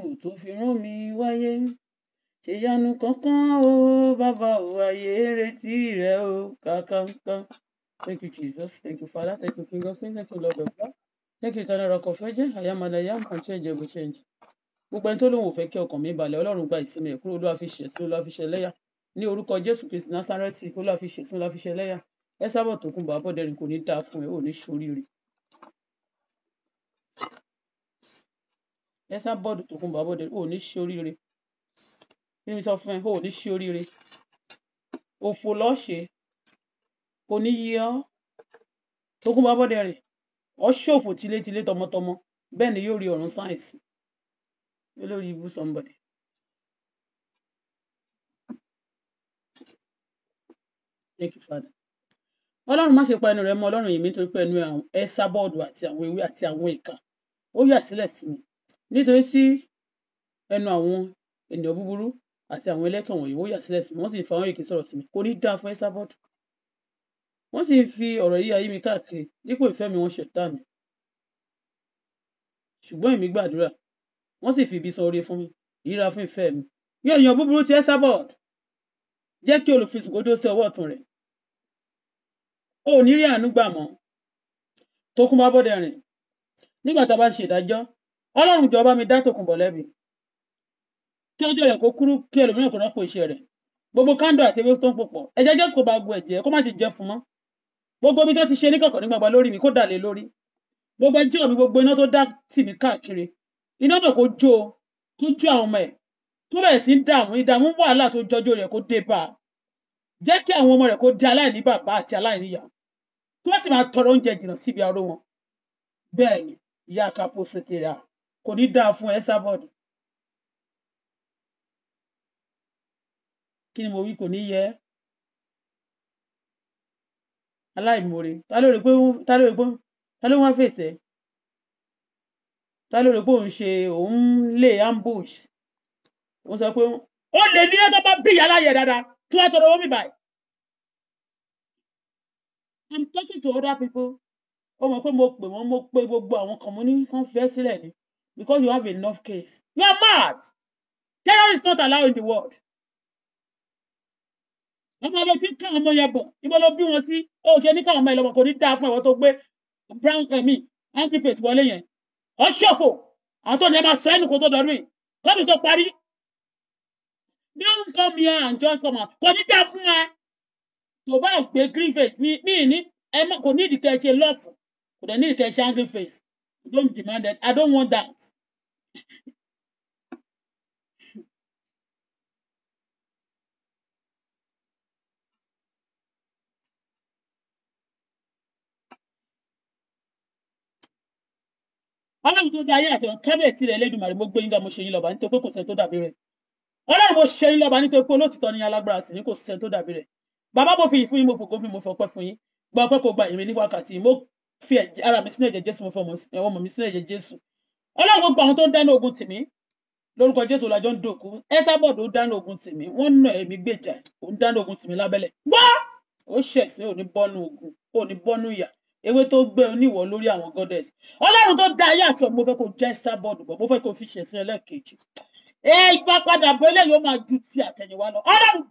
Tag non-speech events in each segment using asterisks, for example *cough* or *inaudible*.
ohun tó fi rán mi wáyé ṣèyanu kankan o bàbá o ayé retí rẹ o kankankan. Thank you, Jesus. Thank you, Father. Thank you, King of Kings. Thank you, Lord of Lords. Thank you, Tanara Kọfẹ́jẹ́. Àyàmàdà yà máa change ẹ̀bùn change. Gbogbo ẹni tó lóun ò fẹ́ kí ọkàn mi balẹ̀, Ọlọ́run gba ìsinmi ẹ̀kúrò Olúwa fi ṣẹ̀ sí Olúwa fi ṣẹ̀ lẹ́yà. Ní orúkọ Jésù Kristi Násárẹ́tì, Olúwa fi ṣẹ̀ sí Olúwa fi ṣẹ̀ lẹ́yà. Ẹ sábọ̀ tó kún bọ̀ abọ́dẹ̀rìn kò ní dáa fún ẹ, ò ní ṣoríire. ẹsẹ bọọdù tó kún bàbá òde ò ní ṣe oríire kí ni mi sọ fún ẹ ò ní ṣe oríire òfò lọ́ọ̀ṣẹ́ kò ní yí ọ́ tó kún bàbá òde rẹ̀ ọ́ ṣòfò tilétilé tọmọtọmọ bẹ́ẹ̀ ni yóò rí ọ̀run sáyẹ̀nsì olórí ibú somebody. Thank you, Father. Ọlọ́run má ṣe pa ẹnu rẹ mọ́ Ọlọ́run yìí mi nítorí pé ẹnu ẹ sábọ́ọ̀dù àti àwọn ewé àti àwọn ìka ó yà sílẹ̀ sí mi nítorí tí ẹnu àwọn ènìyàn búburú àti àwọn ẹlẹ́tàn wọ̀nyí ó yà sílẹ̀ sí mi wọ́n sì ń fa àwọn èké sọ̀rọ̀ sí mi kò ní dáa fún Ésábọ́ọ̀tù wọ́n sì ń fi ọ̀rọ̀ yíya yí mi káàkiri dípò ìfẹ́ mi wọ́n ṣẹ̀tá mi ṣùgbọ́n èmi gbàdúrà wọ́n sì fi ibi san oore fún mi ìríra fún ìfẹ́ mi bí ènìyàn búburú ti Ésábọ́ọ̀tù jẹ́ kí olùfisùn kó dó sí ọwọ́ ọ̀tún rẹ̀ o ò ní rí àánú gbà mọ́ tó kún bá bọ́dẹ̀ rìn nígbà tá a bá ń ṣe ìdájọ́ ọlọ́run jọba mi dá Tòkunbọ̀ lẹ́bi kí ọjọ́ rẹ̀ kó kúrú kí ẹlòmíràn kó rọ́pò iṣẹ́ rẹ̀ gbogbo kándọ̀ àti ewé tó ń pòpọ̀ ẹ̀jẹ̀ jésù kò bá gbo ẹ̀jẹ̀ kó má ṣe jẹ́ fún mọ́ gbogbo ibi tó ti ṣe níkọ̀kọ̀ nígbàgbà lórí mi kó dà lé lórí gbogbo ẹjọ́ mi gbogbo iná tó dá tì mí káàkiri iná náà kó jó o tó jó àwọn ọmọ ẹ̀ tó bẹ̀rẹ̀ sí ń dààmú ìdààmú wàhálà tó jọjú rẹ̀ kó dé bá a jẹ́ kí àwọn ọmọ rẹ̀ kó di aláìní bàbá àti aláìníyá tó sì máa tọrọ oúnjẹ jìnnà síbi aró wọn bẹ́ẹ̀ ni ìyá kapo ṣètìlá kò ní dáa fún ẹ sábọ̀d kí ni mo wí kò ní yẹ aláìmoore ta ló rò pé ta ló wá fèsì ta ló rò pé òun ṣe òun lè ambush òun sọ pé ó lè ní ẹjọ́ bá bí yàrá dáadáa tí wọ́n tọrọ owó mi báyìí. I'm talking to other people ó mọ̀ pé mo pè wọ́n mo pé gbogbo àwọn kan fẹ́ sílẹ̀ ni because you have enough case. You are mad. Terror is not allowed in the world. Ọmọ ló ti kàn ọmọ yẹn bọ̀, ibo ló bí wọn sí, ó ṣe ní káwọn ọmọ ìlọmọ kò ní dáa fún ẹ̀wọ̀n tó gbé brown ẹ̀mí eh, angry face wọlé yẹn. Ọ àwọn tó ní ẹ máa sọ ẹnu kó tó dọ̀rùn yìí, kọ́dù tó parí. Bí ó ń kọ́ mi ẹ̀ àǹjọ́ sọmọ, kò ní dáa fún ẹ. Tó bá gbé green face mi, mi ní kò ní ìdíkẹ́ ṣe lọ́ọ̀fù, kò dẹ̀ ní ìdíkẹ́ ṣe angry face. Don't demand it. I don't want that. ọlọ́run tó dá ayé àti ọ̀run kábíyèsí rẹ̀ lẹ́dùnmarè mo gbé yín ga mo ṣe yín lọ́ba nítorí pé kò sẹ́ni tó dàbí rẹ̀ ọlọ́run mo ṣe yín lọ́ba nítorí pé olótìtọ́ ni alágbára sì ni kò sẹ́ni tó dàbí rẹ̀ bàbá mo fi ìfún yín mo fòkó fún yín mo fọpẹ́ fún yín gba ọpẹ́ kò gba ìrìn ní wákàtí mo fi ara mi sínú ẹ̀jẹ̀ jésù mo fọ ẹ̀wọ̀n mọ̀ mi sínú ẹ̀jẹ̀ jésù ọlọ́run gbogbo àwọn tó ń dáná ogun tìmí lórúkọ jésù làjọ ń dòkú ẹsàbọ̀ tó ń dáná ogun tìmí wọ́n nà ẹ̀mí gbèjà òun dáná ogun tìmí lábẹ́lẹ̀ gbọ́ ó ṣẹ̀sìn òní bọ́nú ogun òní bọ́nú ìyà ewé tó gbé oníwọ̀ lórí àwọn goddess ọlọ́run tó dá ayé àti ọ̀run mo fẹ́ kó jẹ́ ẹsàbọ̀ dùgbọ́ mo fẹ́ kó fi ṣẹ̀sìn ẹlẹ́ẹ̀kejì ee ipa padà bọ́ eléyìí ó máa ju ti àtẹ̀yìnwá lọ ọlọ́run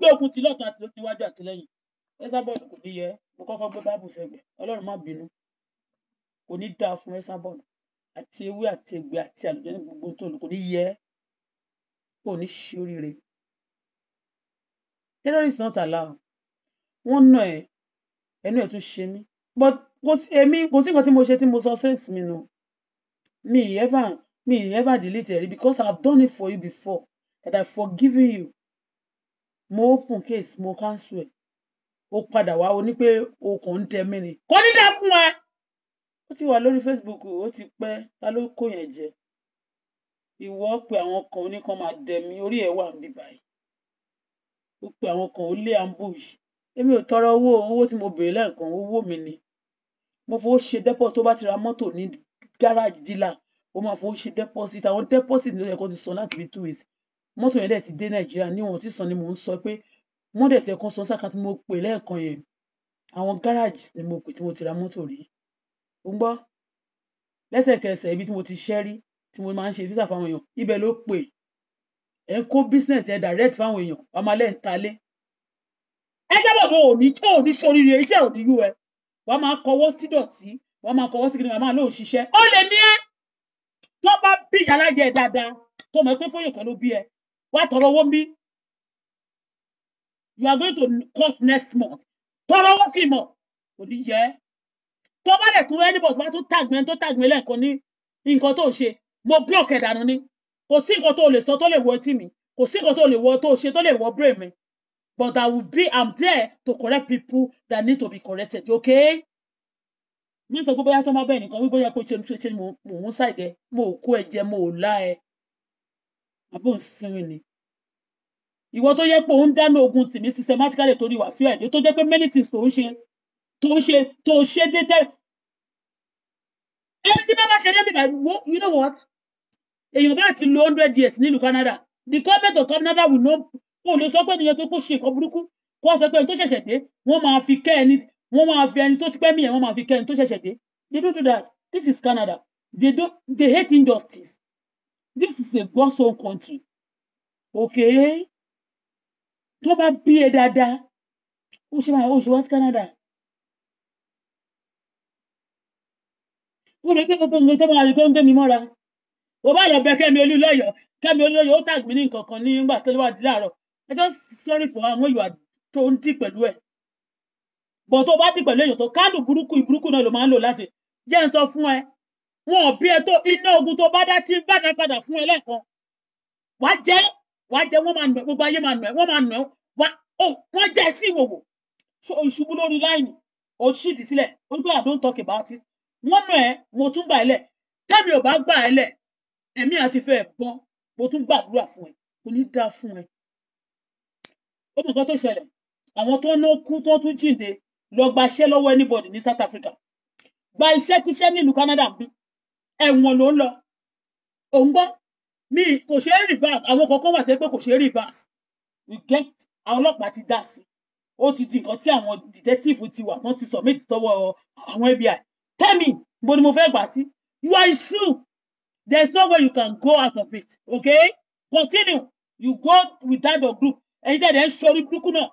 gbé kò ní dáa fún ẹ Esabod àti ewé àti egbè àti àlùjọ ní gbogbo tó lò kò ní yẹ kò ní ṣe oríire terrorist not allowed wọ́n nà ẹ ẹnu ẹ tún ṣe mí but kò sí èmi kò sí nǹkan tí mo ṣe tí mo sọ sense mi nù mi ever me ever delete ẹ rí because i have done it for you before and i forgive you mo open case mo cancel ẹ o padà wá o ní pé o kàn ń tẹ mí ni kò ní dá fún wa ó ti wà lórí Facebook ó ti pẹ́ ta ló kó yẹn jẹ ìwọ pe àwọn kan oníkan máa dẹmi orí ẹ̀ wà níbí báyìí ó pe àwọn kan ó lé ambush èmi ò tọrọ owó owó tí mo béèrè lẹ́ẹ̀kan owó mi ni mo fowó ṣe deposit tó bá ti ra mọ́tò ní gáràjì dílà ó máa fowó ṣe deposit àwọn deposit ló yẹ kó ti san láti fi two weeks mọ́tò yẹn dẹ̀ ti dé nàìjíríà níwọ̀n tí san ni mò ń sọ pé wọ́n dẹ̀ ti ẹ̀kan san sáka tí mo pè lẹ́ẹ̀kan yẹn àwọn gáràjì ni mo pè tí mo ti ra mọ́tò rí ò ń gbọ́ lẹ́sẹ̀kẹsẹ̀ ibi tí mo ti ṣiṣẹ́ rí tí mo máa ń ṣe visa fáwọn èèyàn ibẹ̀ ló pè ẹ̀ ń kó business ẹ̀ direct fáwọn èèyàn ọmọ alẹ́ ń talé ẹ sábà bọ òní tó òní sóríire iṣẹ́ òní yú ẹ wàá máa kọwọ́ sí dọ̀tí wàá máa kọwọ́ sí kí ni wàá máa lóun ṣiṣẹ́ ó lè ní ẹ tó bá bí yàrá yẹ dáadáa tó mọ̀ pé fóyè kan ló bí ẹ wàá tọrọ owó mi you are going to court next month tọrọ owó kì í mọ̀ òní yẹ tó bá dẹ̀ tún anybody tó bá tún tag tó tag lẹ́ẹ̀kan ní nǹkan tó ṣe mo block ẹ̀ dànù ni kò sí nǹkan tó lè sọ tó lè wọ etí mi kò sí nǹkan tó lè wọ tó ṣe tó lè wọ brain mi but I will be I'm there to correct people that need to be corrected okay mi sọ pé bóyá tó má bẹ́ẹ̀ nìkan wí bóyá pé ṣe ṣe mò ń ṣàìdẹ mo ò kó ẹ mo ò lá ẹ àbò ń sinmi ni ìwọ tó yẹ pé òun dáná ogun tì mí systematically torí Wàsíù Àyìndé tó jẹ́ pé many things tó ń ṣe tó ń ṣe tó ṣe dé ẹni tí bàbá ṣe lẹ́bí bàbá you know what èèyàn bá ti lo hundred years nílùú Canada the government of Canada will know kó lè sọ pé ènìyàn tó kó ṣe nǹkan burúkú kó sọ pé ẹni tó ṣẹ̀ṣẹ̀ dé wọ́n máa fi kẹ́ ẹni wọ́n máa fi ẹni tó ti pẹ́ mìíràn wọ́n máa fi kẹ́ ẹni tó ṣẹ̀ṣẹ̀ dé they don't do that this is Canada they don't they hate injustice this is a God's own country okay tó bá bí ẹ dáadáa ó ṣe máa ó ṣe wá sí Canada ó rẹ pé gbogbo nǹkan tó máa rí góńgó mi mọ́ra o bá lọ bẹ kẹ́mi olúlọ́yọ̀ kẹ́mi olúlọ́yọ̀ ó tàgbí ní nǹkan kan nígbà tó wà láàárọ̀ ẹ jọ sọrí fún àwọn ìwà tó ń dì pẹ̀lú ẹ̀ bọ̀ tó bá dì pẹ̀lú èèyàn tó káàdù burúkú ìburúkú náà ló máa ń lò láti jẹ́ ń sọ fún ẹ wọn ò bí ẹ tó iná ogun tó bá dá tí ń bá padà fún ẹ lẹ́ẹ̀kan wàá jẹ́ wàá jẹ́ wọ́n máa nù ẹ́ gbogbo ayé máa nù ẹ́ wọ́n máa nù ẹ́ wọ́n jẹ́ sí ìwòwò ìṣubú lórí láìní òṣìdí sílẹ̀ ó ní pé I don't talk about it wọ́n nà ẹ́ mo tún gbà ẹ́ lẹ̀ tẹ́mi ò bá gbà ẹ́ lẹ̀ ẹ̀mí àti fẹ́ bọ́ mo tún gbàdúrà fún ẹ kò ní dáa fún ẹ. ó mọ̀ nǹkan tó ṣẹlẹ̀ àwọn tó ná kú tó tún jíǹde lọ gba iṣẹ́ lọ́wọ́ anybody ní South Africa gba iṣẹ́ kíṣẹ́ nílùú Canada bí ẹ̀wọ̀n ló ń lọ òun gbọ́ mi kò ṣe é reverse àwọn kọ̀ọ̀kan wà tẹ́ pé kò ṣe é reverse we get àwọn ọlọ́pàá ti dá sí ó ti di nǹkan tí àwọn detective ti wà tán ti submit sọ́wọ́ àwọn FBI tell me bó ni mo fẹ́ gbà sí you are in shoe there is no way you can go out of it okay continue you go without your group ẹ̀yin tẹ̀lé ń sọrí burúkú náà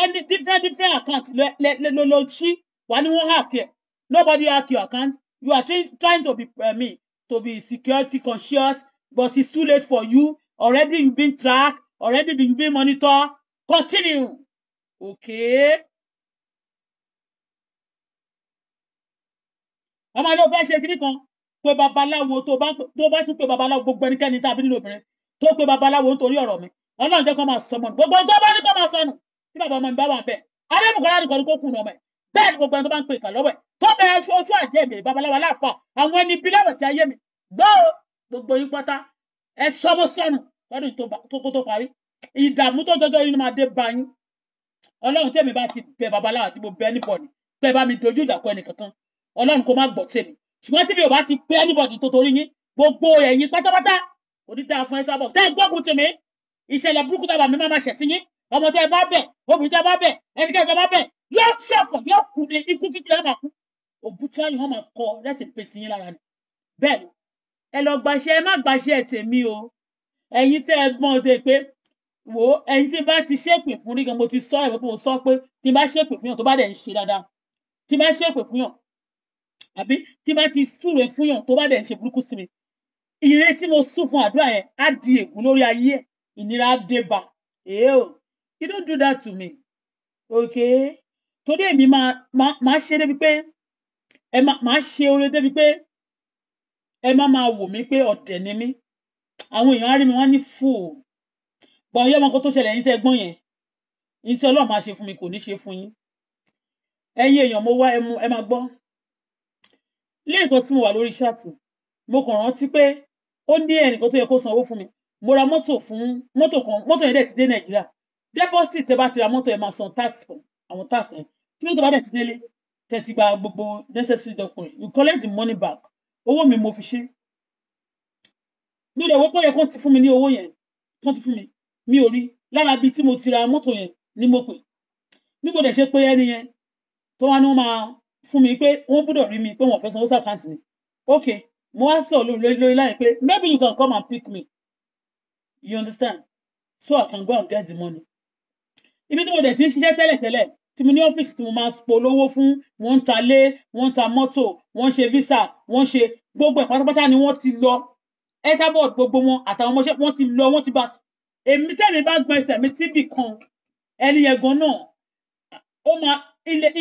any different different account ló ló ṣí wà ní wọ́n hack ẹ̀ nobody hack your account you are trying to be uh, me to be security conscious but it's too late for you already you been tracked already you been monitored continue okay. wọn máa lọ fẹ́ ṣe kinní kan pé babaláwo tó bá tún pé babaláwo gbogbo ẹnikẹ́ni tàbí nínú obìnrin tó pé babaláwo nítorí ọ̀rọ̀ mi ọlọ́run jẹ́ kó máa sọmọ nù gbogbo tó bá ní kó máa sọnù tí bàbá ọmọ mi bá wà ń bẹ̀ adébùkọ́lá nìkan ni kó kùnà ọmọ ẹ̀ bẹ́ẹ̀ ni gbogbo ẹni tó bá ń pè kà lọ́wọ́ ẹ̀ tó bẹ oṣù àjẹ́ mi babaláwo aláàfọ̀ àwọn ẹni bí lọ́wọ́ ti ayé mi gbọ́ gbogbo yín pátá ẹ sọ́mọ́ sọnù lọ́dún tó tó parí ìdààmú tó jọjọ yín máa dé bá yín ọlọ́run tẹ̀mí bá ti bẹ babaláwo àti ọlọ́run kó má gbọ́ tèmi ṣùgbọ́n tí mi ò bá ti pé anybody tó torí yín gbogbo ẹ̀yin pátápátá onídàá fún ẹ̀sán bọ̀ tẹ́ ẹ gbọ́kùn tèmi ìṣẹ̀lẹ̀ burúkú tàbí àmì máa ṣẹ̀ sí yín ọmọ tẹ́ ẹ bá bẹ̀ obìnrin tẹ́ ẹ bá bẹ̀ ẹnikẹ́ni tẹ́ ẹ bá bẹ̀ yóò ṣẹ̀fọ̀ yóò kú ní ikú kíkiri ẹ̀ máa kú òbútú ẹ̀yìn wọn máa kọ rẹ́sì ń pèsè yín lára ni bẹ́ẹ̀ ni ẹ lọ gbaṣẹ́ o ẹ̀yin tẹ́ ẹ mọ̀ ọ́ pé wò ó ẹ̀yin tí bá ti ṣépè fún rí gan mo ti sọ ẹ̀ pé mo sọ pé tí bá ṣépè fún yàn tó bá dẹ̀ ń ṣe dáadáa tí bá ṣépè fún yàn àbí tí bá ti súre fún tó bá dẹ̀ ṣe burúkú sí mi ire mo sún fún àdúrà yẹn á di ègún lórí ayé ẹ̀ ìnira á dé bá èé you don't do that to me okay torí èmi máa ma ṣe débi pé ẹ máa ṣe oore débi pé ẹ má máa wò mí pé ọ̀tẹ̀ ni mí àwọn èèyàn á rí mi wọ́n á ní fò gbọ́n yẹ́ ọmọkó tó ṣẹlẹ̀ yín tẹ́ gbọ́n yẹn yín tí Ọlọ́run máa ṣe fún mi kò ní ṣe fún yín ẹ̀yin èèyàn mo wá ẹ máa gbọ́ lẹ́ẹ̀kan tí mo wà lórí ṣáàtì mo kàn rántí pé ó ní ẹnìkan tó yẹ kó sanwó fún mi mo ra mọ́tò fún mọ́tò kan mọ́tò yẹn dẹ̀ ti dé nàìjíríà deposit tẹ bá ti ra mọ́tò yẹn máa san tax fún àwọn tax yẹn tí mọ́tò bá dẹ̀ ti délé tẹ ti gba gbogbo necessary document you collect the money back owó mi mo fi ṣe mi rẹ̀ wọ́pọ̀ yẹ kó ti fún mi ní owó yẹn kó ti fún mi mi ò rí lára bíi tí mo ti ra mọ́tò yẹn ni mo pè bí mo dẹ̀ ṣe pé ẹni yẹn tó wá ní wọ́n máa fún mi pé wọ́n gbọ́dọ̀ rí mi pé wọ́n fẹ́ sanwó sàkáǹtì mi ok mo wá sọ lórí lórí láì pé maybe you can come and pick me you understand so I can go and get the money ibi tí mo dẹ̀ ti ń ṣiṣẹ́ tẹ́lẹ̀tẹ́lẹ̀ tí mo ní ọ́fíìsì tí mo máa polówó fún wọ́n ń ta lé wọ́n ń ta mọ́tò wọ́n ń ṣe visa wọ́n ń ṣe gbogbo ẹ̀ pátápátá ni wọ́n ti lọ ẹsàbọọdù gbogbo wọn àtàwọn ọmọọṣẹ́ wọ́n ti lọ wọ́n ti ba èmi tẹmí bá gbọn ẹsẹ̀ mi síbì kan ẹni yẹn gan náà ó máa ilẹ̀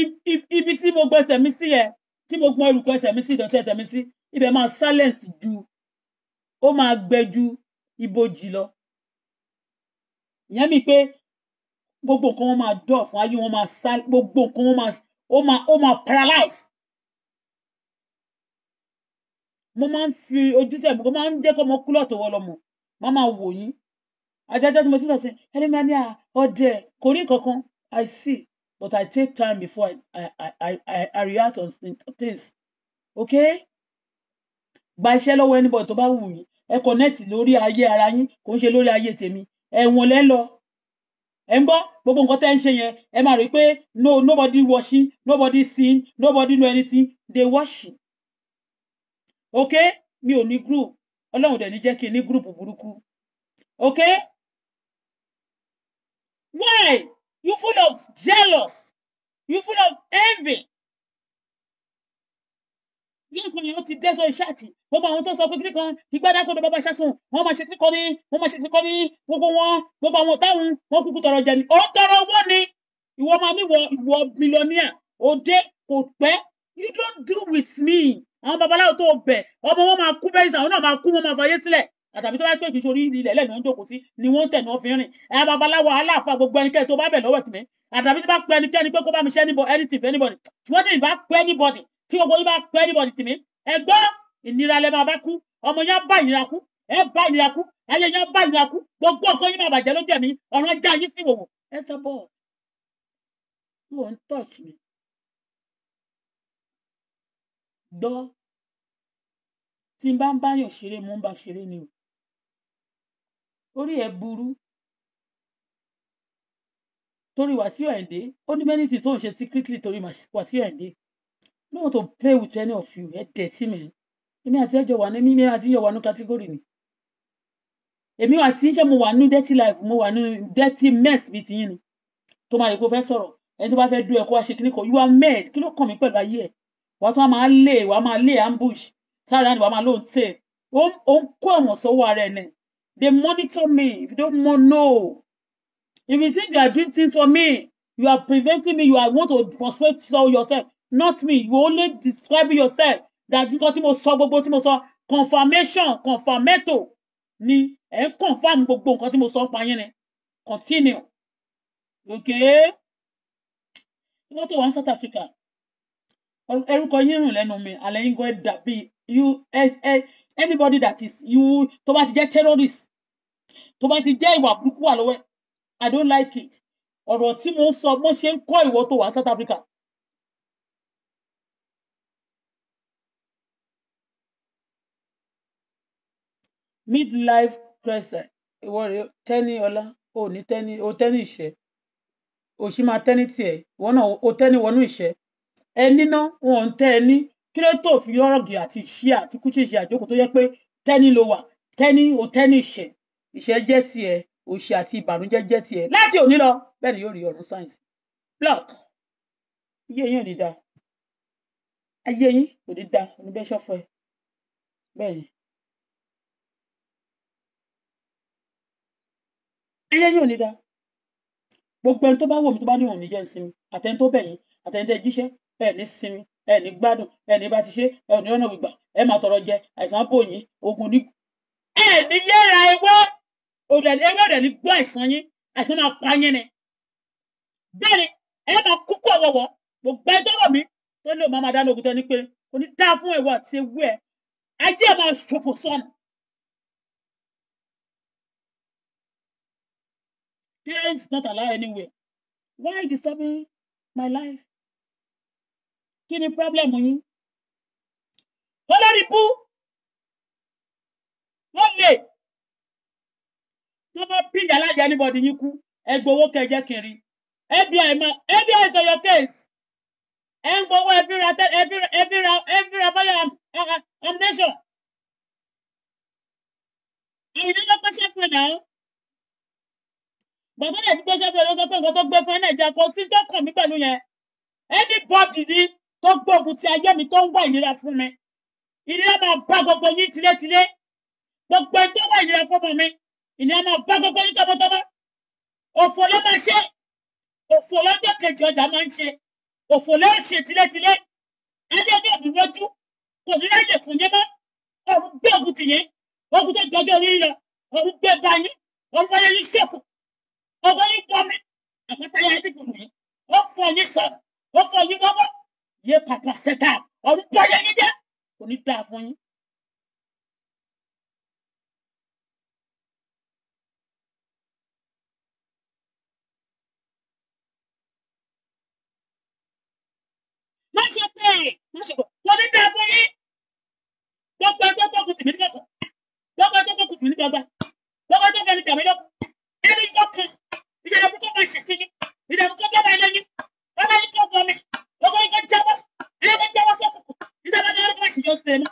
ibi tí mo gbẹsẹ̀ mi sí yẹn tí mo gbọ́n olùkọ́ ẹsẹ̀ mi sí ìdọ̀tí ẹsẹ̀ mi sí ibẹ̀ máa silence ju ó máa gbẹ ju ibojì lọ ìyẹn mi pé gbogbo nǹkan wọn máa dọ̀ fún ayé wọn máa sá gbogbo nǹkan wọn máa ó máa ó máa paralyze mo máa ń fi ojú tẹ̀ mo máa ń jẹ́ kọ́ ọmọ kúlọ̀ tó wọ́ lọ́mọ máa máa wò yín ajájá tí mo ti sọ sí ẹni máa ní ọdẹ kò rí nǹkan kan i see but I take time before I I I I, I react on things okay gba iṣẹ́ lọ́wọ́ anybody tó bá wù yín ẹ connect lórí ayé ara yín kò ń ṣe lórí ayé tèmi ẹ̀wọ̀n lẹ́ lọ ẹ ń gbọ́ gbogbo nǹkan tẹ́ ń ṣe yẹn ẹ máa rí i pé no nobody washing nobody seeing nobody know anything they washing okay mi ò ní group ọlọ́run dẹ̀ ní jẹ́ kí n ní group burúkú okay why You full of jealous. You full of envy. Lẹ́kùn yìí ó ti dẹ́sọ̀ ìṣáàtì. Gbogbo àwọn tó sọ pé kíní ìgbádá kó do bàbá ṣásùn. Wọ́n máa ṣe kíní ní wọ́n máa ṣe kíní ní gbogbo wọn. Gbogbo àwọn táwọn wọn kúkú tọrọ jẹ ni. Ó tọrọ owó ni. Ìwọ máa mi wọ ìwọ mílíọ̀nìà. Òde kò pẹ́. You don't do with me. Àwọn babaláwo tó bẹ̀ ọmọ wọn máa kú bẹ́ẹ̀ sàn. Àwọn náà máa kú wọn máa fàyè sílẹ̀ àtàbí tó bá pè kí sórí ilẹ̀ lẹ́nu ń jókòó sí ni wọ́n ń tẹ̀ ní wọ́n fi ń rìn ẹ babaláwo aláàfáà gbogbo ẹnikẹ́ni tó bá bẹ̀ lọ́wọ́ tì mí àtàbí tó bá pè ẹnikẹ́ni pé kó bá mi ṣe anybody anything for anybody ṣùgbọ́n tí ìbá pè anybody tí gbogbo yín bá pè anybody tì mí ẹ gbọ́ ìnira lẹ máa bá kú ọmọ yẹn bá ìnira kú ẹ bá ìnira kú ayé yẹn bá ìnira kú gbogbo nǹkan yín máa bàjẹ́ ló jẹ̀mí ọ̀ràn já yín sí wòwò tí n bá ń báyàn ṣeré mo ń ba ṣeré ni o orí ẹ burú torí Wàsíù Àyìndé ó ní many things tó ń ṣe secretly torí Wàsíù Àyìndé no want to play with any of you ẹ dẹ̀tí mi èmi àti ẹjọ wà ní mímí àti ìyẹ̀wò àánú category ni èmi àti iṣẹ́ mo wà ní dirty life mo wà ní dirty mess bíi tiyín ni tó máa yẹ kó fẹ́ sọ̀rọ̀ ẹni tó bá fẹ́ dú ẹ kó wá ṣe kíní kan you are mad kí ló kàn mí pẹ̀lú ayé ẹ̀ wàá tún máa lé wàá máa lé ambush sára ni wàá máa lóun tẹ̀ ó ń kó ẹ̀wọ̀n sọ́wọ́ ara ẹ̀ náà They monitor me. If you don't know, if you think you are doing things for me, you are preventing me, you are want to frustrate yourself. Not me. You only describe yourself that you got tí mo sọ but tí mo sọ confirmation confirmato ni ẹ ń confirm gbogbo nǹkan tí mo sọ ń pa yín ni continue okay wọ́n tó wà ní South Africa orúkọ yín rùn lẹ́nu mi àlẹ́ go. gan dàbí you anybody that is you tó bá ti jẹ́ tó bá ti jẹ́ ìwà burúkú wà lọ́wọ́ i don't like it ọ̀rọ̀ tí mo ń sọ mo ṣe ń kọ́ ìwọ tó wà South Africa. midlife crisis ìwọ rẹ tẹ́ni ọlá ò ní tẹ́ni ò tẹ́ni ìṣẹ́ òṣì máa tẹ́ni tiẹ̀ ìwọ náà ò tẹ́ni wọnú ìṣẹ́ ẹni náà wọn ò ń tẹ́ ẹni kí ló tó fi rọ́ọ̀gì àti ṣíà àti kúchìṣì àjókòó tó yẹ pé tẹ́ni ló wà tẹ́ni ò tẹ́ni ìṣẹ́ ìṣẹ́ jẹ́ tiẹ̀ òṣì àti ìbànújẹ́ jẹ́ tiẹ̀ láti òní lọ bẹ́ẹ̀ ni yóò rí ọ̀run sáyẹ̀nsì block ayé yín ò ní da ayé yín ò ní da oníbẹ́sọ̀fọ̀ ẹ̀ bẹ́ẹ̀ ni ayé yín ò ní da gbogbo ẹni tó bá wò mí tó bá ní òun níyẹn sinmi àtẹni tó bẹ̀ yín àtẹni tẹ́ jíṣẹ́ ẹ ní sinmi ẹ ní gbádùn ẹ ní bá ti ṣe ẹ ò ní rọ́nà gbígbà ẹ máa tọrọ jẹ àìsàn bò yín ogun ní. ẹ ní yẹra ewé ewé ọ̀dẹ̀ ní gbọ́ àìsàn yín àìsàn máa pa yín ni bẹ́ẹ̀ ni ẹ máa kúkú ọ̀wọ̀wọ̀ gbogbo ẹjọ́ wọ̀ mí tó lè máa dáná ogun tó ní pé kò ní dá fún ìwọ àti ewé ẹ ajé ẹ máa ṣòfò sọnù. There is not allow anywhere. Why you disturbing my life? Kí ni problem yín? Olórí bú. Wọ́n lè tó bá píjà láyé anybody yín kú ẹ gbowó kẹjẹ kiri FBI ma, FBI is your case ẹ ń gbowó ẹ fi ra ẹ fi ra ẹ fi ra ẹ fi ra fire ammunition um, uh, uh, èyí ló gbé ṣẹ́fù náà gbọ̀dọ̀ dẹ̀ ti gbé ṣẹ́fù ló sọ pé nǹkan tó gbé fún ẹ nàìjíríà kò sí tó kàn mí pẹ̀lú yẹn anybody ni tó gbógun ti ayé mi tó ń wá ìnira fún mi ìnira máa bá gbogbo yín tilétilé gbogbo ẹni tó wá ìnira fún ọmọ mi ìní ọmọ bá gbogbo yín tọmọtọmọ òfò ló máa ṣe òfò lọ́jọ́ kejì ọjà máa ń ṣe òfò ló ṣe tilétilé ẹni ọdún ọdún lójú kò ní láyè fún yín mọ́ ọrùn gbé ògùn tì yín ogun tó jọjọ orí lọ ọrùn gbé bá yín ọrùn fọyín yín ṣèfù ọgbọ́n yín gbọ́mí àpátáyà yín dùn mí ó fọ yín sọ̀rọ̀ ó fọ yín gbọ́gbọ́ yé pàpà sẹ́tà ọrùn bọ́yá yín jẹ́ kò ní dáa fún yín. má ṣe tẹ̀ má ṣe bọ̀ kò ní fún yín gbogbo tó gbógun tèmi ní kọ̀kọ̀ gbogbo tó gbógun tèmi ní gbọgbà gbogbo tó fẹnu tèmi lóko ẹni kọ̀ọ̀kan ìṣẹ̀lẹ̀ púpọ̀ máa ṣẹ̀ sí mi ìdààmú kó máa lé mi wọn bá ní kó gbọ́ mi gbogbo yín kó ẹni kó jábọ́ sí ọkọ̀ ìjọba ní ọdún máa ṣèjọ sí ẹni.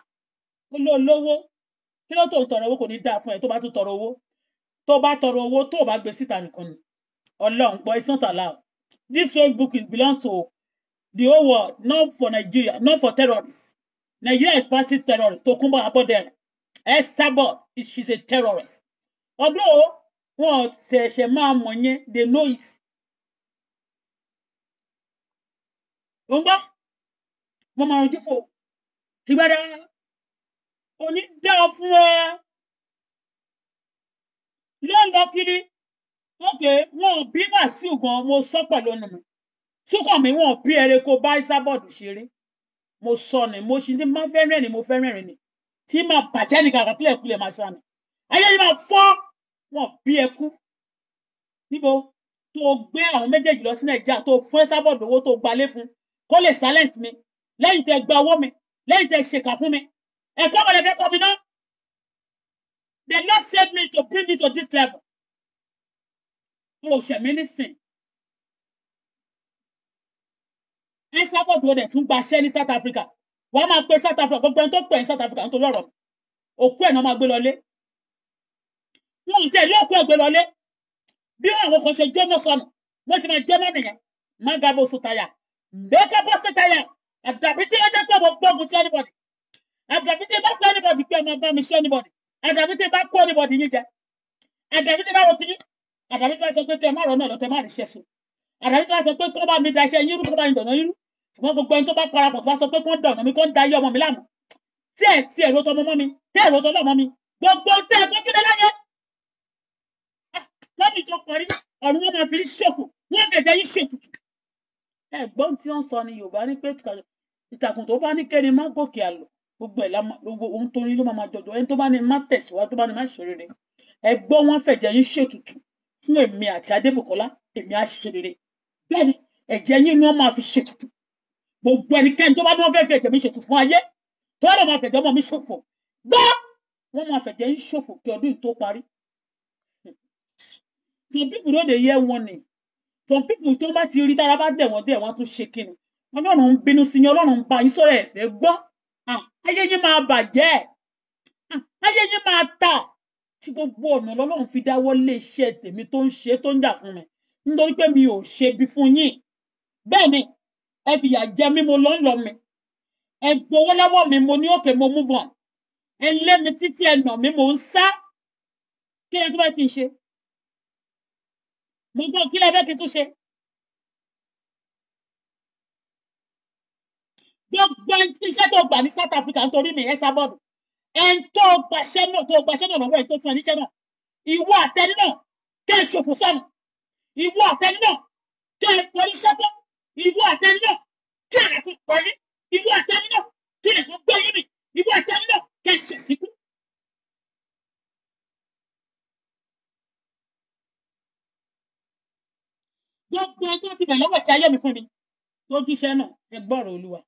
ó lọ lówó kí ló tó tọrọ owó kò ní dáa fún ẹ tó bá tọrọ owó tó bá tọrọ owó tó bá gbé síta nìkan ni Ọlọ́run gbọ́ it's not allowed this Facebook is belong to the whole world, not for Nigeria, not for terrorists. Nigeria is practicing terrorists. Tokunbo Abodere, eh? Sabot, she's a terrorist. Although, wọn ṣẹ̀ṣẹ̀ máa they know it. Wọ́n Mama mo máa rojú fò. Ìgbàdá òní dá ọ kiri. Okay, wọn ò bí Wàsíù gan, mo sọ pẹ̀lú ọ̀nà mi sókàn mi wọn bí ẹrẹ kó bá ìsábọ̀dù ṣeré mo sọ ni mo ṣe ní má fẹ́ rẹ́rìn mo fẹ́ rẹ́rìn ni tí máa bàjẹ́ ní kàkà kílẹ̀ kulẹ̀ máa ṣàní ayé ni máa fọ́ wọn bí ẹ kú níbo tó gbé àwọn méjèèjì lọ sí nàìjíríà tó fún ìsábọ̀dù owó tó gbalé fún kó lè silence mi lẹ́yìn tẹ gba owó mi lẹ́yìn tẹ ṣèkà fún mi ẹ̀kọ́ wọlé fẹ́ kọ́ mi náà They Lord saved me to bring me to this level. mo ṣẹ̀mí nísìn ISABOD ó dẹ̀ tún gbaṣẹ́ ní South Africa wọ́n á máa pe South Africa gbogbo ẹni tó pẹ̀ South Africa nítorí ọ̀rọ̀ òkú ẹ̀ náà máa gbé lọlé wọn ò tẹ̀lé òkú ẹ̀ gbé lọlé bí àwọn kan ṣe jóná sọnù wọ́n ṣe máa jóná nìyẹn Mangabo Sutaya Mbekabo taya. àdàbí tí wọ́n jẹ́ pé mo gbógun ti anybody àdàbí tí bá kó anybody pé ọmọ bá mi ṣe anybody àdàbí tí bá kó anybody yín jẹ àdàbí tí bá rò ti yín àdàbí tí wọ́n sọ pé tẹ má rọ náà lọ tẹ má rí ṣẹ́ṣin àdáyé tó bá sọ pé kọ́ bá mi daṣẹ́ yín rú kọ́ bá mi dọ̀nà yín rú ṣùgbọ́n gbogbo ẹni tó bá parapọ̀ tó bá sọ pé kọ́ dọ̀nà mi kọ́ ń da iye ọmọ mi láàmú tí ẹ̀ tí ẹ̀rọ tọmọ mọ́ mi tí ẹ̀rọ tọlọ́ mọ́ mi gbogbo tẹ́ ẹ gbójúlé láyé ah, lọ́dún tó parí ọ̀run wọn máa fi ṣòfò wọn fẹ̀ jẹ́ yín ṣètùtù. ẹ̀gbọ́n tí wọ́n sọ ni Yorùbá ní pé ìtàkùn tó bá ní kẹ́ni má gòkè àlò gbogbo ẹ̀ gbogbo ohun tó ní ló máa jọjọ ẹni tó bá ní má tẹ̀síwájú tó bá ní má ṣòrere ẹ̀gbọ́n wọn fẹ̀ jẹ́ yín ṣètùtù fún èmi àti Adébùkọ́lá èmi á ṣe rere bẹ́ẹ̀ ni ẹ̀jẹ̀ yín ni wọ́n máa fi ṣètùtù gbogbo ẹnikẹ́ni tó bá ní wọ́n fẹ́ fi ẹ̀jẹ̀ mi ṣètùtù fún ayé tó wọ́n lè máa fẹ̀jẹ̀ ọmọ mi ṣòfò gbọ́ wọ́n máa fẹ̀jẹ̀ yín ṣòfò kí ọdún tó parí. some people no dey hear warning some people tó bá ti rí tára bá dẹ̀ wọ́n dẹ̀ wọ́n tún ṣe kíni ọlọ́run ń bínú sí yín ọlọ́run ń bá yín sọ̀rọ̀ ẹ̀fẹ́ gbọ́ ayé yín máa bàjẹ́ ayé yín máa tà tí gbogbo ọ̀nà ọlọ́run fi dáwọ́ lé iṣẹ́ tèmi tó ń ṣe tó ń jà fún mi nítorí pé mi ò ṣebi fún yín bẹ́ẹ̀ ni ẹ fìyà jẹ mí mo lọ ń lọ mi ẹ gbowó lọ́wọ́ mi mo ní òkè mo move on ẹ lé mi títí ẹ nà mí mo ń sá kí lẹ tún fẹ́ kí n ṣe mo gbọ́ kí lẹ kí n tún ṣe. gbogbo iṣẹ́ tó gbà ní South Africa nítorí mi ẹ sábọ́ọ̀dù ẹ̀ ń tó gbaṣẹ́ náà tó gbaṣẹ́ náà lọ́wọ́ ẹ̀ tó fún ẹ níṣẹ́ náà ìwọ àtẹni náà kẹ́ ẹ ṣòfò sọ́nù ìwọ àtẹni náà tẹ ẹ fọrí sẹpọ ìwọ àtẹni náà tẹ ẹ fi pọrí ìwọ àtẹni náà tẹ ẹ fi gbé yín mi ìwọ àtẹni náà tẹ ẹ ṣèṣíkú. gbogbo tó ti bẹ̀ lọ́wọ́ tí ayé mi fún mi tó jíṣẹ́ náà ẹ gbọ́rọ̀ olúwa.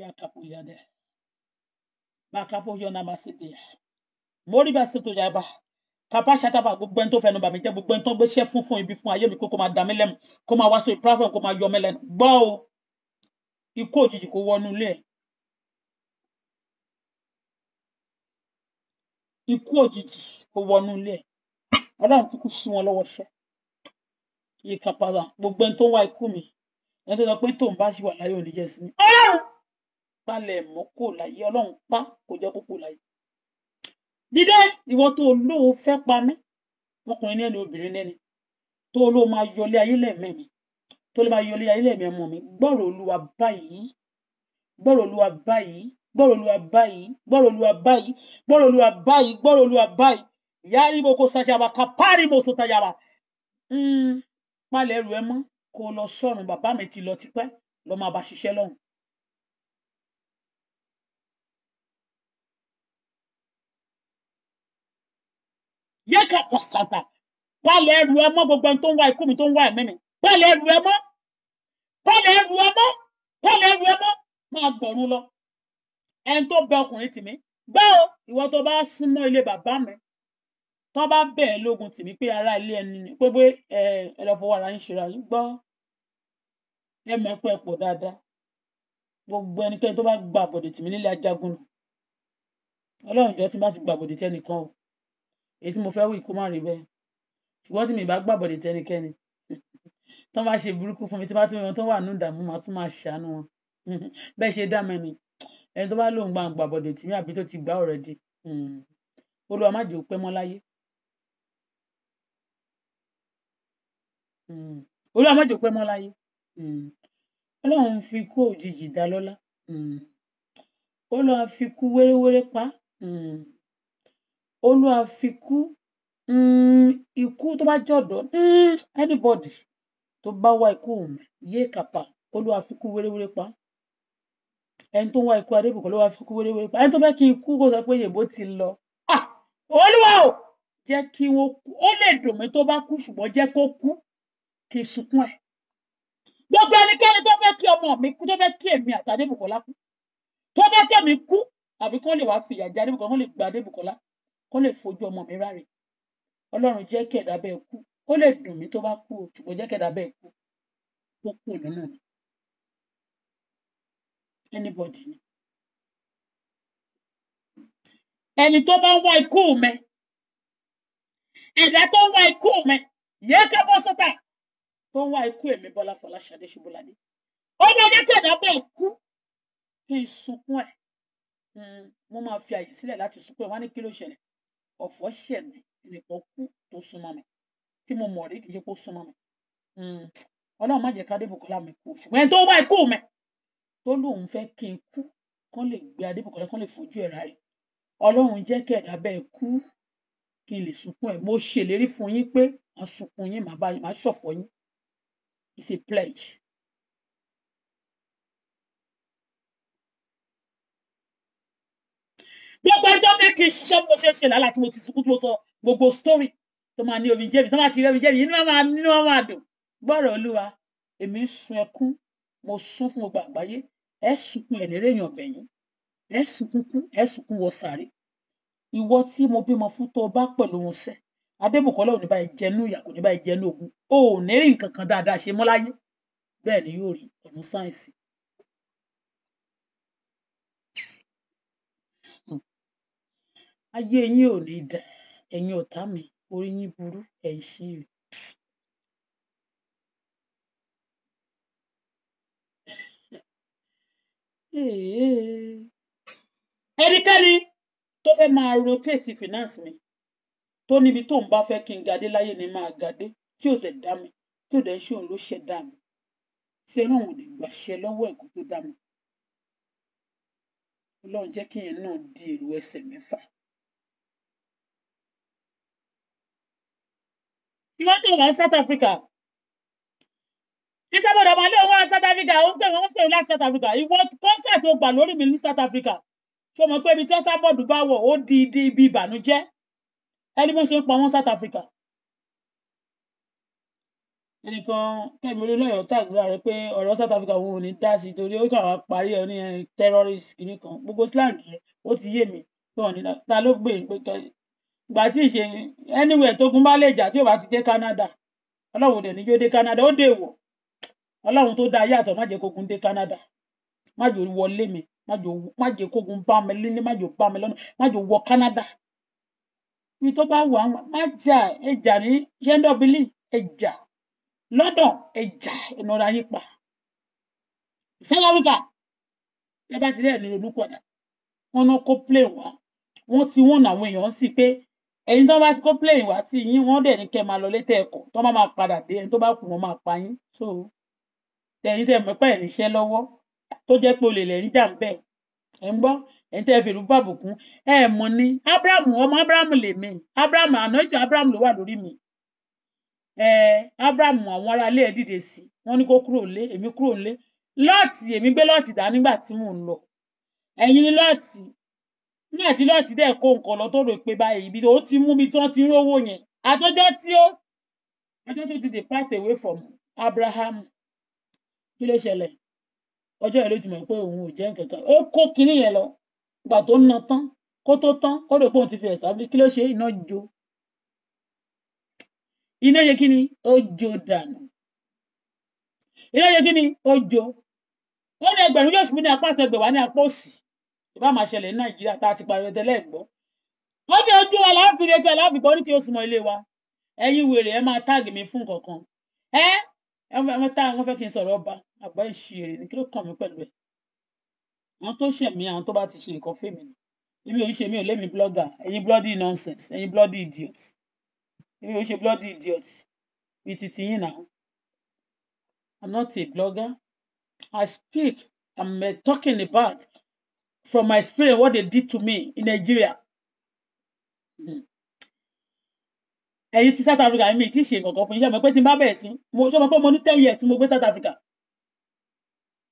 yakapo yadẹ bakapo yọnà masidi mori basoto yaba kapa ṣataba gbogbo ẹni tó fẹnu bà mí jẹ́ gbogbo ẹni tó gbéṣẹ́ fún fún ibi fún ayé mi kó kó máa dà mí lẹ́mu kó máa wá sí platform kó máa yọ mí lẹ́nu gbọ́ o ikú òjijì kó wọnú ilé ẹ̀ ikú òjijì kó wọnú ilé ẹ̀ ọlọ́run fi kú sí wọn lọ́wọ́ sọ ìkàpàdà gbogbo ẹni tó wá ikú mi ẹni tó sọ pé tóun bá sì wà láyé òní jẹ́ sí mi ọlọ́run palẹ̀ mọ́ kò láyé ọlọ́run pa kò jẹ́ kó kò láyé dídá ìwọ tó olówó fẹ́ pa mí ọkùnrin nẹni obìnrin nẹni tó olówó máa yọlé ayé lẹ́mẹ̀mí tó lè máa yọlé ayé lẹ́mẹ̀mí ọmọ mi gbọ́rọ̀ olúwa báyìí gbọ́rọ̀ olúwa báyìí gbọ́rọ̀ olúwa báyìí gbọ́rọ̀ olúwa báyìí gbọ́rọ̀ olúwa báyìí gbọ́rọ̀ olúwa báyìí yáàrí mo kò sàṣàbà kápárì mo sọ tayàbà hmm, palẹ̀ ẹrù ẹ mọ́ kó lọ sọ́run bàbá mi ti lọ tipẹ́ lọ́ máa bá ṣiṣẹ́ lọ́hùn yẹ ká kọ sàtà pálẹ̀ ẹrù ẹ mọ́ gbogbo tó ń wá ikú mi tó ń wá ẹ̀mí mi pálẹ̀ ẹrù ẹ mọ́ pálẹ̀ ẹrù ẹ mọ́ pálẹ̀ ẹrù ẹ mọ́ máa gbọ̀run lọ ẹni tó bẹ ọkùnrin tì mí báwo ìwọ tó bá súnmọ́ ilé bàbá mi tó bá bẹ̀ẹ́ lógun tì mí pé ara ilé ẹni ni pé pé ẹ ẹ lọ fọwọ́ ara yín ṣe ra yín gbọ́ ẹ mọ̀ ẹ pọ̀ dáadáa gbogbo ẹnikẹ́ni tó bá gbàbọ̀dẹ̀ tì mí nílé ajagun ọlọ́run jọ tí n ti gbàbọ̀dẹ̀ tì o èyí tí mo fẹ́ wí kó má rí bẹ́ẹ̀ ṣùgbọ́n tí mi bá gbàbọ̀dé tẹnikẹ́ni *laughs* tó bá ṣe burúkú fún mi tí bá tún wọn tó wà nù ìdààmú màá tún máa ṣàánú wọn *laughs* bẹ́ẹ̀ ṣe dá mẹ́ni ẹni tó bá lóun gba gbàbọ̀dé tì mí àbí tó ti gbà ọ̀rẹ́ di hmm, olúwa má jẹ́ pẹ́ mọ́ láyé hmm, olúwa má jẹ́ pẹ́ mọ́ láyé hmm, ọlọ́run fi kú òjijì dá lọ́lá ó lọ́ọ́ fi kú wéréwéré pa olúwa fi kú um ikú tó bá jẹ́ um anybody tó bá wá ikú mi yé kàpá olúwa fi kú wéréwéré pa ẹni tó ń wá ikú adébùkọ́ ló wá fi kú wéréwéré pa ẹni tó fẹ́ kí n kú kó sọ pé yèbó ti lọ olúwa o jẹ́ kí wọ́n kú ó lè dùn mí tó bá kú ṣùgbọ́n jẹ́ kó kú kí n sunkún ẹ̀ gbogbo ẹnikẹ́ni tó fẹ́ kí ọmọ mi kú tó fẹ́ kí èmi àti kú tó fẹ́ kí èmi kú àbí kí lè wá fìyà jẹ adébùkọ́lá wọ́n lè gba adébùkọ́lá kó lè fojú ọmọ mi ráre ọlọ́run jẹ́ kí ẹ̀dá kú ó lè dùn mí tó bá kú o ṣùgbọ́n jẹ́ kí ẹ̀dá kú ó kú lọ́nà mi anybody ni ẹni tó bá ń wá ikú mi ẹ̀dá tó ń wá ikú mi yéé ká bọ́ sọ́tà tó ń wá ikú èmi Bọ́lá Fọláṣadé Ṣubúládé ó máa jẹ́ kí ẹ̀dá bẹ́ẹ̀ kú kí n sunkún ẹ̀ hmm, mo máa fi àyè sílẹ̀ láti sunkún ẹ̀ wá ní kí ló ṣẹlẹ̀ ọ̀fọ̀ ṣẹ̀ mí ẹnìkan kú tó súnmọ́ mi tí mo mọ̀ rí kì í ṣe kó súnmọ́ mi hmm, ọlọ́run má jẹ́ ká adébùkọ́lá mi kú ṣùgbọ́n ẹni tó wá ikú mi tó lóun fẹ́ kí n kú kán lè gbé adébùkọ́lá kán lè fojú ẹ̀ rárí ọlọ́run jẹ́ kí ẹ̀dá bẹ́ẹ̀ kú kí n lè sunkún ẹ̀ mo ṣèlérí fún yín pé màá sunkún yín màá ṣọ̀fọ̀ yín it's a pledge gbogbo ẹjọ́ fẹ́ kí n ṣiṣẹ́ bí ṣe ṣe lálá tí mo ti sunkún tí mo sọ gbogbo story tó máa ní omi jẹ̀bi tó máa ti rẹ́mi jẹ̀bi inú máa nínú máa dùn gbọ́rọ̀ olúwa èmi ń sun ẹkún mo sún fún gbogbo àgbáyé ẹ sunkún ẹ̀ nírèèyàn bẹ̀yìn ẹ sunkún kú ẹ sunkún wọ sàárè ìwọ tí mo bímọ fún tó bá pẹ̀lú wọn sẹ́ adébùkọ́lá òní báyìí jẹnu ìyà kò ní báyìí jẹnu ogun o ò ní nǹkan kan dáadáa ṣe mọ́ bẹ́ẹ̀ ni yóò rí ọ̀run sáyẹ̀nsì ayé yín ò ní dáa ẹ̀yin ọ̀tá mi orí yín burú ẹ̀ ń ṣírí. ẹnikẹ́ni tó fẹ́ máa rotate finance mi tó níbi tó ń bá fẹ́ kí n gadé láyé ni máa gadé tí ò tẹ̀ dá mi tí ò dẹ̀ ṣe òun ló ṣẹ̀ dá mi tí ọlọ́run ò lè gbàṣẹ lọ́wọ́ ẹ̀kọ́ tó dá mi ọlọ́run jẹ́ kí yẹn náà di èrò ẹsẹ̀ mẹ́fà. ìwọ́n tó wà South Africa ìsàbọ̀dọ̀ ọmọ ilé òun wà South Africa ó ń pè wọ́n ń pè wọ́n láti South Africa ìwọ kọ́ńtà tó gbà lórí mi ní South Africa ṣé o mọ̀ pé ibi tí Esabod bá wọ̀ ó di ibi ìbànújẹ́ ẹni bó ṣe ń pa wọ́n South Africa ẹnìkan kẹ́mi olólùyọ̀ tàgbà rẹ pé ọ̀rọ̀ South Africa òun ò ní dá sí torí ó kàn wá parí ẹ̀ ní eh, terrorist kìíní kan gbogbo slang yẹn ó ti yé mi pé ọ̀nìyàn ta ló gbé e ìgbà tí ìṣe anywhere tógun bá lè jà tí ò bá ti dé Canada ọlọ́run dẹ̀ níjó dé Canada ó dèwọ̀ ọlọ́run tó dá ayé àtọ̀ má jẹ́ kógun dé Canada má jò wọlé mi má jẹ́ kógun bá mi lóní má jò bá mi lọ́nà má jò wọ Canada ibi tó bá wà má jà ẹjà ní ṣẹ́ńdọ̀bílì ẹjà London ẹjà ìnura yín pa South Africa ẹ bá ti rẹ̀ ní ronú kọ̀dà wọn náà kó plane wá wọn ti wọn àwọn èèyàn sí pé ẹ̀yin tó bá ti complain wá sí yín wọ́n dẹ̀ ní kẹ́ máa lọ létẹ̀ ẹ̀kọ́ tó máa padà dé ẹni tó bá kù wọ́n máa pa yín so ẹ̀yin tẹ́ mọ̀ pé ẹ̀ níṣẹ́ lọ́wọ́ tó jẹ́ pé olè lẹ́yìn dà ń bẹ̀ ẹ̀ ń gbọ́ ẹ̀yin tẹ́ fèrú bàbùkún ẹ̀ mọ̀ ni Abraham ọmọ Abraham lè mi Abraham ànájọ Abraham ló wà lórí mi ẹ̀ Abraham àwọn ará ilé ẹ̀ dìde sí wọ́n ní kó kúrò lé èmi kúrò lé lọ́ọ̀tì èmi gbé lọ́ọ̀tì dá nígbà tí mò ń lọ ẹ̀yin ni lọ́ọ̀tì nígbà tí lọ́ọ̀tì dẹ̀ kó nǹkan lọ tó rò pé báyìí ibi ó ti mú ibi tí wọ́n ti ń rówó yẹn àtọ́jọ́ tí ó ọjọ́ tó ti depart away from Abraham kí ló ṣẹlẹ̀ ọjọ́ yẹn ló ti mọ̀ pé òun ò jẹ́ nǹkan kan ó kó kinní yẹn lọ ìgbà tó ń na tán kó tó tán ó rò pé òun ti fi establish kí ló ṣe iná jó iná yẹ kí ni ó jó dànù iná yẹ kí ni ó jó ó ní ẹgbẹ̀rún yóò ṣubú ní apá àti ẹgbẹ̀wá ní apá òsì ìbá máa ṣẹlẹ̀ ní nàìjíríà tá a ti pariwo tẹ́lẹ̀ gbọ́ wọ́n ní ojú wa láàfin retí wa láàfin gbọ́ ní kí o sùn mọ́ ilé wa ẹ̀yin wèrè ẹ máa táàgì mi fún kankan ẹ ẹ wọ́n tá wọ́n fẹ́ kí n sọ̀rọ̀ ọba àgbá ìṣirè ni kí ló kàn mí pẹ̀lú ẹ̀ àwọn tó ṣẹ̀ mí àwọn tó bá ti ṣe nǹkan fèmí ni èmi ò ń ṣe mi ò lémi blogger ẹ̀yin bloody nonsense ẹ̀yin bloody idiot èmi ò ṣe bloody idiot bíi titi yín náà I'm not a blogger I speak I'm uh, talking about from my spirit, what they did to me in Nigeria. Ẹ̀yin ti South Africa mi ti ṣe nǹkankan fún yín ṣe mọ̀ pé tí n bá bẹ̀rẹ̀ sí mo ṣe mọ̀ pé mo ní ten years mo gbé South Africa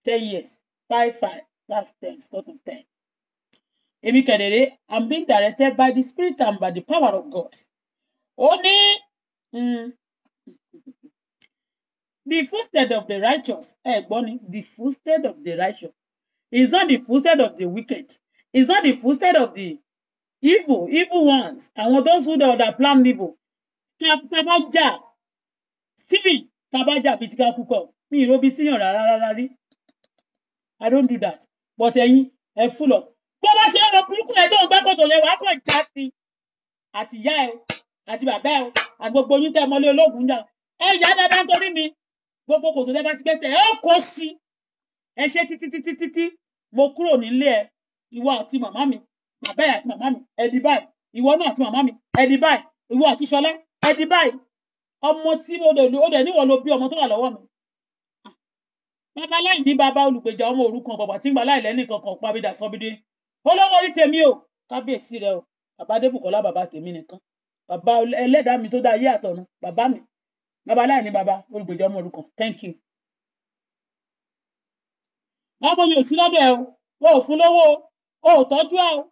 ten years five five that's ten go to ten. Èmi kẹ̀dẹ̀rẹ́ I'm being directed by the spirit and by the power of God. Ó ní mm, the footsteps of the righteous ẹ̀ gbọ́ ni the footsteps of the righteous It's not the footsteps of the wicked. It's not the footsteps of the evil, evil ones. Àwọn those who dey that plan evil. Tabaja, Stephen, Tabaja bíi ti ká kú kọ. Mi ìró bíi síyàn rárá rárá rí. I don't do that. But ẹ̀yin ẹ̀ full of. Bó bá ṣe lọ burúkú ẹ̀ tó ń gbá kòtò yẹn, wàá kàn sí i. Àti ìyá ẹ̀ o, àti bàbá ẹ̀ o, àti gbogbo oyún tẹ́ ẹ mọ́lé olóògùn jà. Ẹ yá dáadáa nítorí mi. Gbogbo kòtò tẹ́ bá ti gbẹ́sẹ̀, ẹ ó kó sí i ẹ ṣe títí títí títí mo kúrò nílé ẹ ìwọ àti màmá mi bàbá ẹ àti màmá mi ẹ di báyìí ìwọ náà àti màmá mi ẹ di báyìí ìwọ àti Ṣọlá ẹ di báyìí ọmọ tí mo dẹ̀ lò ó dẹ̀ níwọ̀ ló bí ọmọ tó wà lọ́wọ́ mi. bàbá láì ní bàbá olùgbèjà ọmọ òrukàn bàbá tí ń gba láì lẹ́nì kankan pàbídà sọ́bídé olówó orí tèmi o kábíyèsí rẹ o bàbá Adébùkọ́lá bàbá tèmi nìkan bàbá ẹlẹ́dàá mi tó dá ayé àtọ̀run bàbá mi bàbá ní bàbá olùgbèjà ọmọ òrukàn thank you ọmọ yìí ò sí lọ́dọ̀ ẹ o ò fún lówó o ò tọ́jú ẹ o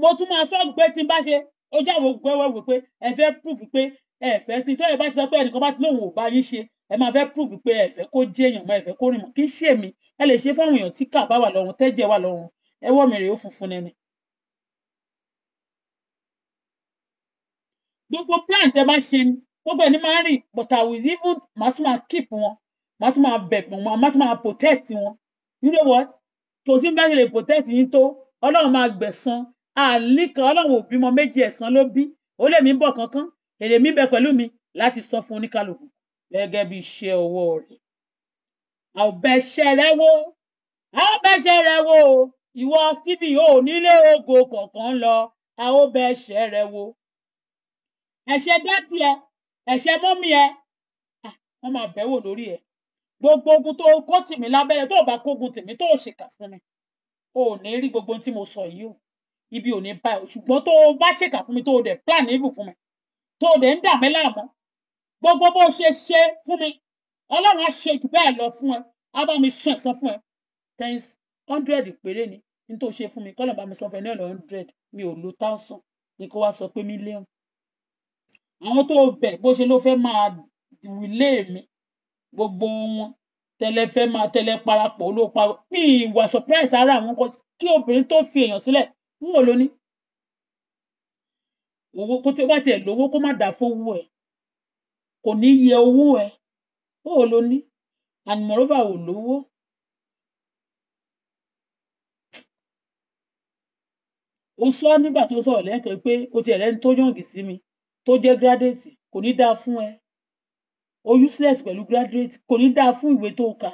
mo tún máa sọ gbé tí n bá ṣe ó jáwọ́ gbẹwẹwò pé ẹ fẹ́ púrúfù pé ẹ fẹ́ tí tọyẹ bá ti sọ pé ẹnìkan bá ti lóun ò bá yín ṣe ẹ máa fẹ́ púrúfù pé ẹ fẹ́ kó jẹ èèyàn mọ ẹ fẹ́ kó rìn mọ kí n ṣe mí ẹ lè ṣe fáwọn èèyàn tí kà bá wà lọ́rùn tẹjẹ wà lọ́rùn ẹwọ mi rèé funfun nẹni. gbogbo plan tẹ bá ṣe ni gbogbo ẹni máa ń rìn but i will even màá tún máa keep wọn màá tún máa bẹ̀ wọn màá tún máa protect wọn you know what kò sí bẹ́ẹ̀ lè protect yín tó ọlọ́run máa gbẹ̀san àlìkan ọlọ́run ò bímọ méjì ẹ̀san ló bí ó lè mí bọ̀ kankan èrè mi bẹ pẹ̀lú mi láti sọ fún oníkálukú gẹ́gẹ́ bí iṣẹ́ ọwọ́ rẹ̀ àbẹ̀ṣẹ̀ rẹ wo àbẹ̀ṣẹ̀ rẹ wo ìwọ Stephen ò nílé ogo kọ̀ọ̀kan lọ àbẹ̀ṣẹ̀ rẹ wo ẹ̀ṣẹ̀ dátì ẹ ẹ̀ṣẹ̀ mọ́mí ẹ ah, wọ́n máa bẹ̀wò lórí ẹ̀ gbogbo ogun tó kó tì mí lábẹ́rẹ́ tó bá kógun tì mí tó ṣèkà fún mi o ò ní rí gbogbo tí mo sọ yìí o ibi ò ní bá ẹ ṣùgbọ́n tó o bá ṣèkà fún mi tó o dẹ̀ plan evil fún mi tó o dẹ̀ ń dà mí láàmú gbogbo bó ṣe ṣe fún mi ọlọ́run á ṣe jù bẹ́ẹ̀ lọ fún ẹ á bá mi sùn ẹ̀sán fún ẹ times hundred péré ni ní tó ṣe fún mi kọ́lọ̀ bá mi sọ fún ẹ ní hundred mi ò lo thousand ni kó wá sọ pé mílíọ̀nù àwọn tó o bẹ̀ bó ṣe ló fẹ́ máa dùn mi gbogbo wọn tẹ́lẹ̀ máa tẹ́lẹ̀ parapọ̀ ló pa mí ìwà surprise ara àwọn kan kí obìnrin tó fi èèyàn sílẹ̀ ń wò lóní. owó kó tó bá tiẹ̀ lówó kó má dà fowó ẹ̀ kò ní yẹ owó ẹ̀ ó wò lóní and moreover ò lówó. ó sọ nígbà tó sọ̀rọ̀ lẹ́ǹkan pé ó tiẹ̀ lẹ́ni tó yànjú sí mi tó jẹ́ gírádẹ́ẹ̀tì kò ní dáa fún ẹ ó useless pẹ̀lú graduate kò ní dáa fún ìwé tó kà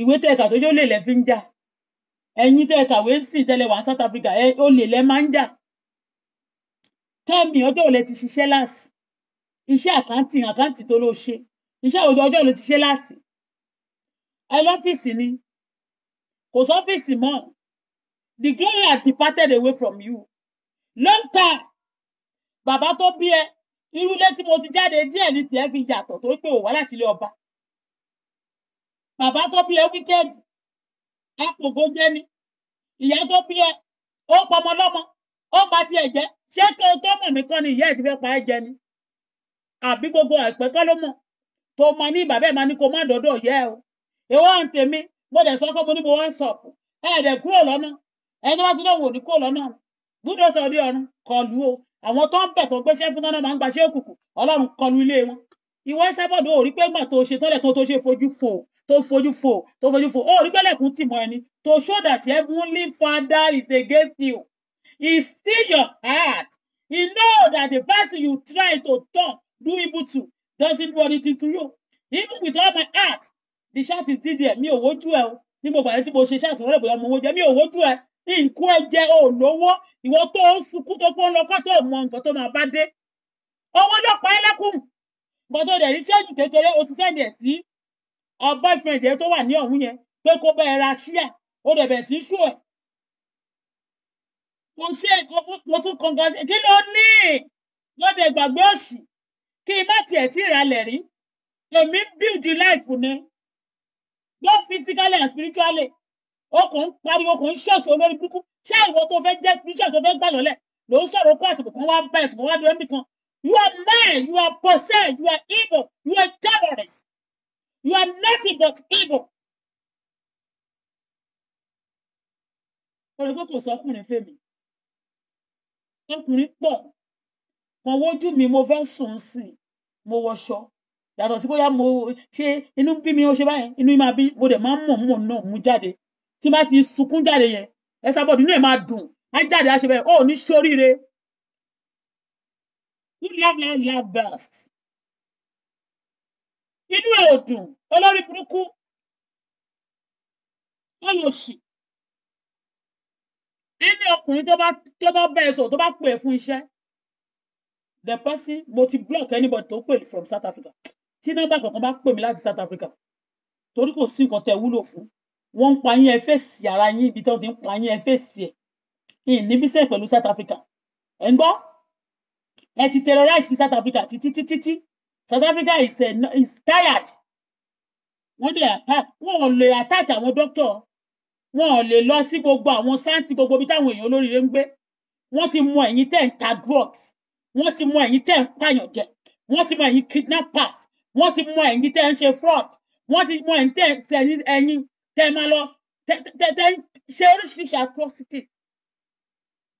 ìwé tẹ̀ka tó yóò lè lẹ́ fi ń jà ẹ̀yin tẹ̀ka wé sì tẹ́lẹ̀ wá South Africa ẹ ó lè lẹ́ máa ń jà tẹ́ẹ̀mì ọjọ́ òlẹ̀ ti ṣiṣẹ́ láàsì iṣẹ́ àkáǹtì àkáǹtì tó ló ṣe iṣẹ́ òjò ọjọ́ òlẹ̀ ti ṣe láàsì ẹ lọ́fíìsì ni kò sọ́fíìsì mọ́ the glory had departed away from you long time bàbá tó bí ẹ irúlé tí mo ti jáde díẹ̀ ní tiẹ̀ fi yàtọ̀ torí pé ò wá láti ilé ọba bàbá tó bí ẹ wíkẹ́ẹ̀dì apògo jẹ́ ni ìyá tó bí ẹ ó pọmọ lọ́mọ ó bá tiẹ̀ jẹ́ ṣé kí o tó mọ̀ mí kọ́ ni ìyá ẹ̀ ti fẹ́ pa ẹ́ jẹ ni àbí gbogbo àìpẹ́ kọ́ ló mọ̀ tó máa ní bàbá ẹ̀ máa ní kó má dọ́dọ̀ yẹ o ìwọ ń tèmi mo dẹ̀ sọ pé mo ní mo wá sọ̀pù ẹ̀ dẹ̀ kúrò lọ́nà ẹni tó bá ti lóun ò ní kúrò lọ́nà gbúdọ̀ sọ ọ̀run kọlu o àwọn tó ń bẹ̀ tó gbéṣẹ́ fún náà máa ń gbaṣẹ́ òkùnkùn ọlọ́run kọlu ilé wọn ìwọ Ẹsẹ́bọdè ò rí pé gbà tó ṣe tọ́lẹ̀ tó tó ṣe fojú fò tó fojú fò tó fojú fò ó rí pẹ́lẹ́kùn tì mọ́ ẹni to show that heavenly father is against you he still your heart he know that the person you try to talk do evil to doesn't do anything to you even with all my heart the shout is dídì ẹ mi ò wojú ẹ o ní gbogbo àyè tí mo ṣe ṣáàtì wọn rẹ bóyá mo wojú ẹ mi ò wojú ẹ nǹkan ẹ̀jẹ̀ ò lówó ìwọ tó ń sunkún tó pọ́n lọ́kọ́ tó mọ nǹkan tó máa bá dé owó pa ẹ́ lẹ́kùn nǹkan tó ṣéèjì kékeré o ti sẹ́ni ẹ̀ sí ọ boyfriend tó wà ní ọ̀hún yẹn pé kó bẹ́ẹ̀ ra ṣíà ó dẹ̀ sí ṣù ẹ̀ mo ṣe mo tún kankan kí ló ní n má tiẹ̀ tí rí and ọkàn ń pariwo ọkàn olórí burúkú ṣé ìwọ tó fẹ́ jẹ́ bíṣọ̀ tó fẹ́ gbà lọ́lẹ̀ ló ń sọ̀rọ̀ kó àtùkù kan wá bá ẹ̀sùn kan wá dúró níbì kan you are man you are possessed you are evil you are terrorist you are nothing but evil. orí pé kò sọkùnrin fèmí ọkùnrin pọ̀ kan wojú mi mo fẹ́ sùn sí mo wọṣọ yàtọ̀ sí bóyá mo ṣe inú bí mi ó ṣe báyìí inú mi máa bí mo dẹ̀ máa ń mọ̀ mọ̀ náà mú jáde tí bá ti sunkún jáde yẹn ẹ sábọ̀dù inú ẹ̀ máa dùn á jáde á ṣe bẹ́ẹ̀ ó ní ṣoríire you love love love best inú ẹ̀ ò dùn olórí burúkú olóṣì ẹni ọkùnrin tó bá tó bá bẹ́ẹ̀ sọ tó bá pè é fún iṣẹ́ the person mo ti block anybody tó pè from South Africa tí nọ́mbà kankan bá pè mí láti South Africa torí kò sí nǹkan tẹ́ wúlò fún wọ́n ń pa yín ẹ fèsì ara yín ibi tí wọ́n ti ń pa yín ẹ fèsì ẹ̀ ìyìn níbi sẹ́ẹ̀ pẹ̀lú South Africa ẹ̀ ń gbọ́ ẹ ti terrorize South Africa títí títí tí South Africa is, uh, is tired wọ́n lè attack wọ́n ò lè attack àwọn doctor wọ́n ò lè lọ sí gbogbo àwọn sáǹtì gbogbo ibi táwọn èèyàn olóríire ń gbé wọ́n ti mọ ẹ̀yin tẹ́ ń ta drugs wọ́n ti mọ ẹ̀yin tẹ́ ń pààyàn jẹ wọ́n ti mọ ẹ̀yin kidnappers wọ́n ti mọ ẹ̀yin tẹ́ ń ṣe fraud wọ́n ti mọ ẹ̀yin tẹ́ ń ṣe ẹ̀yin tẹ́ ẹ máa lọ tẹ́ tẹ́ ṣe oríṣiríṣi atrocities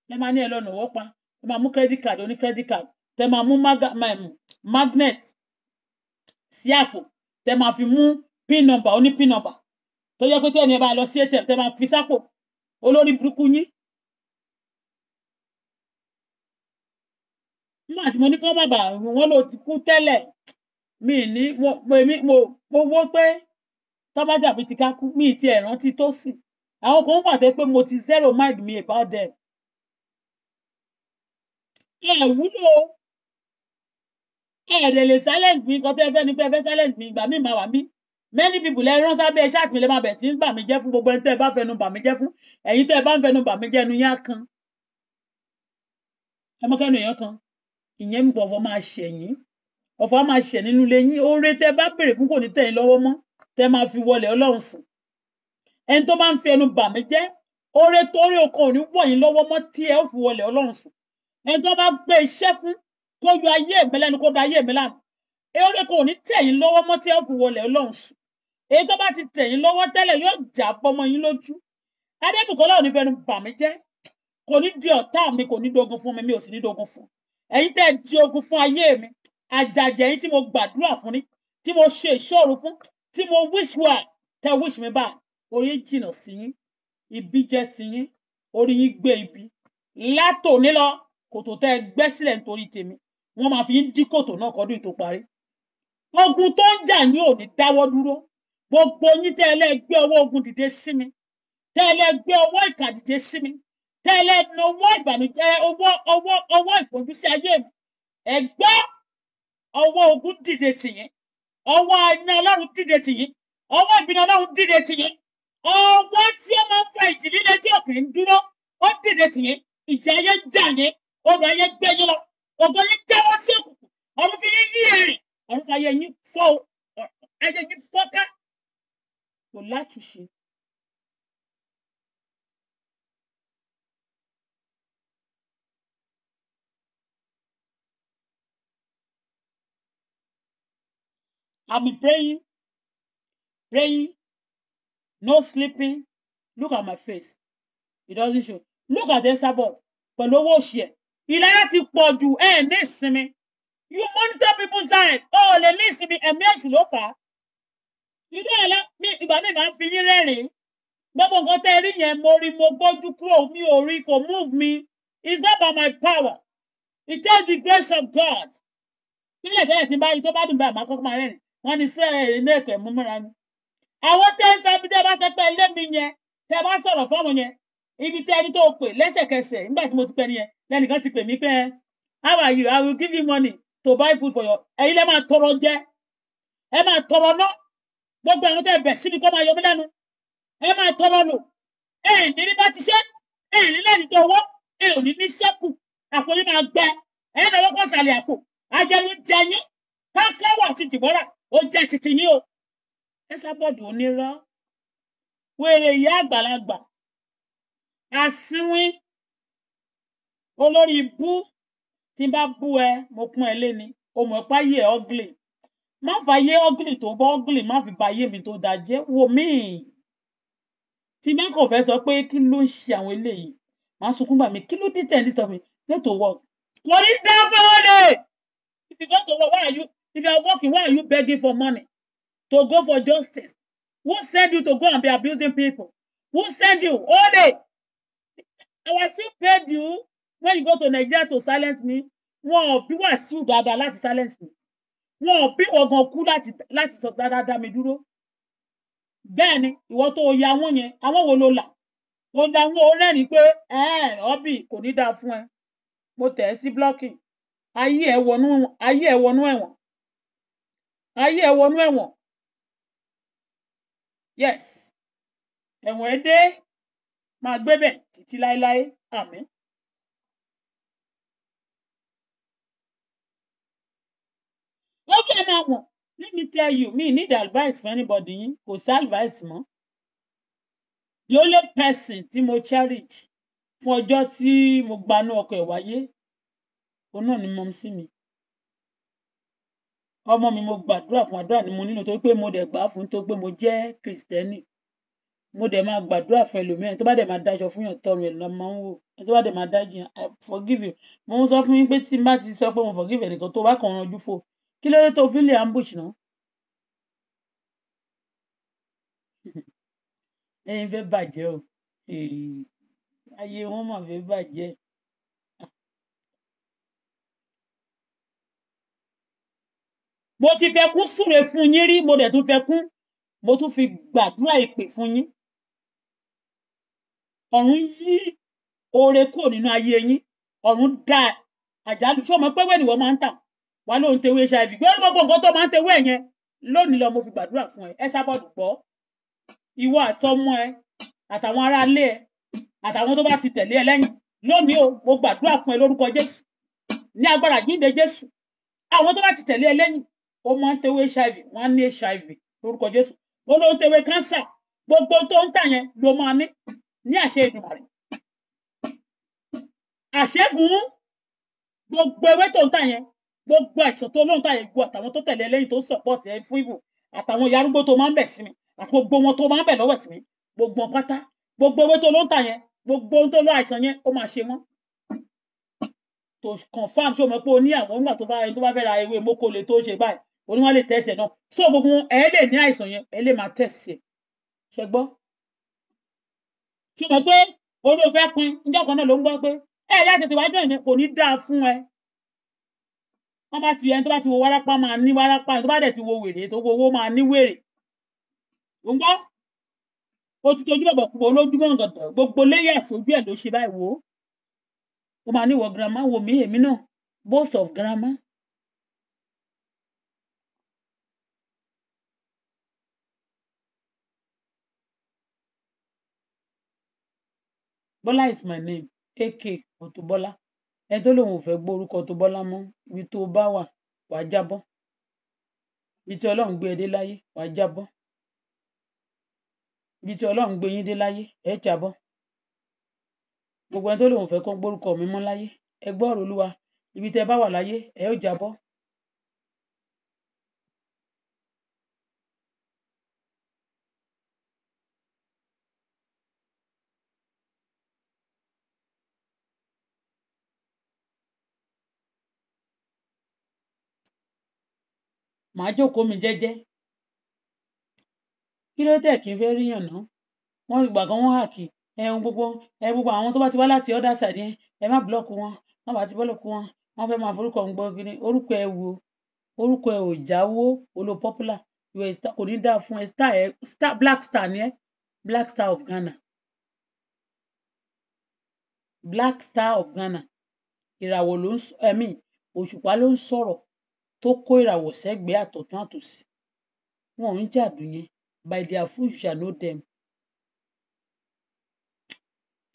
tẹ́ máa ní ẹ lọ́nà ọwọ́ pa tẹ́ máa mú credit card oní credit card tẹ́ máa mú mm, magnet sí àpò tẹ́ máa fi mú pin number oní pin number tó yẹ pé tí ẹni ẹ bá lọ sí atm tẹ́ máa fi sápò olórí burúkú yín. nígbà tí mo ní kí wọ́n bàbà wọ́n lò ti kú tẹ́lẹ̀ mi ní mo mo mo wó pé tọ́bájà bíi ti kákú mi ti ẹ̀rántí tó sì àwọn kan wà tẹ́ pé mo ti zero mind me about them. ẹ wúlò ẹ lè lè silence mi nǹkan tẹ́ ẹ fẹ́ ni pé ẹ fẹ́ silence mi ìgbà mi máa wà mí many people lẹ rán sábẹ́ iṣẹ́ àtìmílẹ̀ máa bẹ̀rẹ̀ sí ń bà mí jẹ́ fún gbogbo ẹni tẹ́ ẹ bá fẹnu bà mí jẹ́ fún ẹ̀yin tẹ́ ẹ bá ń fẹnu bà mí jẹ́ ẹnu yá kan ẹ mọ́ kẹ́nu èèyàn kan ìyẹn ń bọ̀ ọ̀fọ̀ máa ṣẹ̀yìn ọ̀fọ̀ á máa ṣẹ̀ nínú ilé yín oore tẹ́ bá béèrè fún kò ní tẹ̀yìn lọ́wọ́ mọ́ tẹ́ máa fi wọlé ọlọ́run sùn ẹni tó bá ń fi ẹnu bà mí jẹ́ oore torí ọkàn ò ní wọ̀nyí lọ́wọ́ mọ́ tí ẹ ó fi wọlé ọlọ́run sùn ẹni tó bá gbé iṣẹ́ fún kó yọ ayé mi lẹ́nu kó da ayé mi lánàá oore kan ò ní tẹ̀ yín lọ́wọ́ mọ́ tí ẹ ó fi wọlé ọlọ́run sùn èyí tó bá ti tẹ̀ yín lọ́wọ́ tẹ́lẹ̀ yóò jà pọmọ yín lójú adébùkọ́lá ò ní fẹnu bà mí jẹ́ kò ní di ọ̀tá mi kò ní dogun fún mi mi ò sì ní dogun fún ẹ̀yin tẹ́ ẹ di ogun fún ayé mi àjàjẹ́ yín tí mo gbàdúrà fún ni tí mo ṣe ìṣòro fún tí mo wish well tẹ wish me bad orí jìnnà sí yín ibi jẹ́ sí yín orí yín gbé ibi látòní lọ kòtò tẹ gbẹ́ sílẹ̀ nítorí tèmi wọ́n máa fi ń dí kòtò náà kọ́dún tó parí ogun tó ń jà ní òní dáwọ́ dúró gbogbo yín tẹ́ ẹlẹ́gbẹ́ ọwọ́ ogun dìde sí mi tẹ́ ẹlẹ́gbẹ́ ọwọ́ ìkà dìde sí mi tẹ́ ẹlẹ́nu ọwọ́ ìbànújẹ́ ọwọ́ ọwọ́ ọwọ́ ìpọ́njú sí ayé mi ẹgbẹ́ ọwọ́ ogun dìde tìyín ọwọ́ iná ọlọ́run dìde tì yín ọwọ́ ìbínú ọlọ́run dìde tì yín ọwọ́ tí ó máa ń fa ìjì líle tí òkè ń dúró ó dìde tì yín ìjì ayé ń jà yín ọrọ̀ ayé gbé yín lọ ògo yín jábọ́ sí òkùnkùn ọ̀run fi yín yí ẹ̀rìn ọ̀run fa ayé yín fọ́ ẹyẹ yín fọ́ká kò I've been praying, praying, no sleeping. Look at my face. It doesn't show. Look at Esabod. Pẹ̀lú owó òṣì ẹ̀. Ìlara ti pọ̀ jù ẹ̀ ní You monitor people's life. O ò lè ní ìsinmi ẹ̀mí èṣù ló fà á. Ìdá ẹ̀la mi ìgbà mi máa ń fi yín rẹ́rìn-ín. Gbogbo nǹkan tẹ́ ẹ rí yẹn mo rí mo gbójú kúrò mi ò rí kò move me. It's not by my power. It takes the grace of God. Tílẹ̀ tẹ́lẹ̀ tí bá rí tó bá dùn bá àmọ́ kọ́kọ́ máa rẹ́rìn wọ́n ní sẹ́ ẹ̀ẹ́dẹ́gbẹ̀ mú mọ́ra ni. àwọn tẹ́sán bí tẹ́ bá sọ pé ilé mi yẹn tẹ́ bá sọ̀rọ̀ fáwọn yẹn ibi tí ẹni tó pè lẹ́sẹ̀kẹsẹ̀ nígbà tí mo ti pẹ́ nìyẹn lẹ́nìkan ti pè mí pé how are you i will give you money to buy food for your ẹ̀yin lẹ́ máa tọrọ jẹ ẹ máa tọrọ ná gbogbo àwọn tẹ́ bẹ̀ síbi kọ́ máa yọ mí lẹ́nu ẹ máa tọrọ lò ẹ ní ní bá ti ṣe ẹ ní lẹ́ni tó wọ́ ẹ ò ní ní sẹ́kù àpò yín máa gbẹ ẹ náà wọ́n kọ́ sàlẹ̀ àpò ajẹun jẹyìn káàkiri wà ti dìbọ́ra ó jẹ́ titi ní o Ẹsábọ̀dù onírọ́ wèrè ìyá àgbàlagbà asínwín olórí bú tí n bá bú ẹ mo pọ́n ẹ lé o mọ̀ ipá yẹ ọ́gìlì má fàyè ọ́gìlì tó bọ́ ọ́gìlì má fi ba ayé mi tó da jẹ́ wò mí tí n bá kàn fẹ́ sọ pé kí ló ń ṣe àwọn eléyìí màá sunkún gbà mí kí ló dé tẹ̀ ní sọ mi let to work. kò ní dá fún ọ lè if you go to work If you are working, why are you begging for money? To go for justice? Who sent you to go and be abusing people? Who sent you? All day. I was still paid you when you go to Nigeria to silence me. Wọn ò bí Wàsíù dáadáa láti silence me. Wọn ò bí ọ̀gàn kú láti sọ dáadáa dá mi dúró. Bẹ́ẹ̀ ni ìwọ tó ya wọ́n yẹn, àwọn wo ló là? Ó la wọn ó rẹ́rìn-ín pé ọ́bì kò ní dáa fún ẹ. Mo tẹ̀ ẹ́ sí blocking. Ayé ẹ̀ wọnú ẹ̀wọ̀n ayé ẹ wọnú ẹ̀wọ̀n yes ẹ̀wọ̀n ẹ dé máa gbé bẹ̀ títí láéláé àmín. ó fẹ́ máa wọ̀n let me tell you me need advice for anybody yín kò sí advice mọ́ the only person tí mo cherish fún ọjọ́ tí mo gbanú ọkọ̀ ẹ̀ wáyé òun náà ni mọ̀mísí mi ọmọ mi mo gbàdúrà fún àdúrà ni mo nílò torí pé mo dẹ̀ gbà á fún tó pé mo jẹ́ kìrìsìtẹ́nì mo dẹ̀ máa gbàdúrà fún ẹlòmíràn tó bá dẹ̀ máa dájọ fún yàn tọrùn ẹ̀ lọ máa ń wò tó bá dẹ̀ máa dájì yàn i forgive you mo ń sọ fún yín pé tí n bá ti sọ pé mo forgive ẹnìkan tó bá kàn ranjú fò kí ló dé tó fi lè ambush náà. *laughs* ẹyin fẹ́ bàjẹ́ o ayé wọn mà fẹ́ bàjẹ́ mo ti fẹkún súre fún yín rí mo dẹ̀ tún fẹkún mo tún fi gbàdúrà ìpè fún yín ọ̀run yí oore kúrò nínú ayé yín ọ̀run dá àjálù tí ọmọ pẹ́wẹ́ ni wọ́n máa ń tà wà lóun tewé hiv gbé ọdún gbogbo nǹkan tó máa ń tewé ẹ̀ yẹn lónìí lọ mo fi gbàdúrà fún ẹ ẹ sábọ̀dù gbọ́ ìwọ àtọmọ ẹ àtàwọn aráalé ẹ àtàwọn tó bá ti tẹ̀lé ẹ lẹ́yìn lónìí o mo gbàdúrà fún ẹ lórúkọ jésù ní agbára jíǹde jésù àwọn tó bá ti tẹ̀lé ẹ lẹ́yìn ó máa ń tewé hiv wọ́n á ní hiv lórúkọ jésù ó ló ń tewé kánsà gbogbo tó ń tà yẹn ló máa ní ní àṣẹ ìdùnnà rẹ àṣẹgun gbogbo ewé tó ń tà yẹn gbogbo àìsàn tó lóun tà yẹn gbogbo àtàwọn tó tẹ̀lé lẹ́yìn tó ń sọ̀pọ̀tì ẹ fún ìbò àtàwọn ìyá arúgbó tó máa ń bẹ̀ sí mi àti gbogbo wọn tó máa ń bẹ̀ lọ́wọ́ sí mi gbogbo wọn pátá gbogbo ewé tó lóun tà yẹn gbogbo ohun tó lọ àìsàn yẹn ó máa ṣe wọn to confam ṣé o mọ̀ pé o ní àwọn nígbà tó bá ẹni tó bá fẹ́ ra ewé mokole tó ṣe báyìí òní wọn lè tẹ̀sí náà so gbogbo wọn ẹ̀ lè ní àìsàn yẹn ẹ̀ lè máa tẹ̀sí ẹ̀ ṣe gbọ́. ṣùgbọ́n pé orí o fẹ́ pin níjọ́ kan náà ló ń gbọ́ pé ẹ̀ yá tètè wájú ẹ̀ kò ní dáa fún ẹ. wọ́n bá ti ẹni tó bá ti wo wárápá máa ní wárápá ẹni tó bá dẹ̀ ti wo wèrè tó wo owó máa ní wèrè. ò ń gbọ́ o ti tojú bọ̀bọ̀ pọ̀ lójú gàngàn gbogbo layers ojú ẹ̀ ló ṣe báyìí wò ó. máa ní wọ grandma wo mí èmi náà boast of grandma Bọ́lá is my name AK Auto-Bola ẹni tó lòun ò fẹ́ gbọ́ orúkọ Auto-Bola mọ́ ibi tó bá wà wàá jábọ́ ibi tí Ọlọ́run gbé ẹ dé láyé wàá jábọ́ ibi tí Ọlọ́run gbé yín dé láyé ẹ jábọ́ gbogbo ẹni tó lòun fẹ́ kó gbórúkọ mi mọ́ láyé ẹ gbọ́ ọ̀rọ̀ Olúwa ibi tẹ́ bá wà láyé ẹ ó jábọ́ màá jókòó mi jẹ́jẹ́ kí ló tẹ̀ kí n fẹ́ ríyàn ná wọ́n ìgbà kan wọ́n hà kí ẹ̀hún gbogbo ẹ̀ gbogbo àwọn tó bá ti wá láti ọ̀dà sàdí ẹ̀ ẹ̀ má búlọ́ọ̀kù wọn wọ́n bá ti búlọ́ọ̀kù wọn wọ́n fẹ́ máa forúkọ ń gbọ́ gíní orúkọ ẹ̀ wo orúkọ ẹ̀ ò jáwó olo popular ìwẹ̀ kò ní dáa fún ẹ star ẹ star black star ni ẹ black star of Ghana black star of Ghana ìràwọ̀ ló ń I mean òṣùpá ló ń sọ̀rọ̀ tó kó ìràwọ̀ sẹ́gbẹ̀ẹ́ àtọ̀tún àtòsí wọn ò ń jàdù yẹn by their fruit you shall know them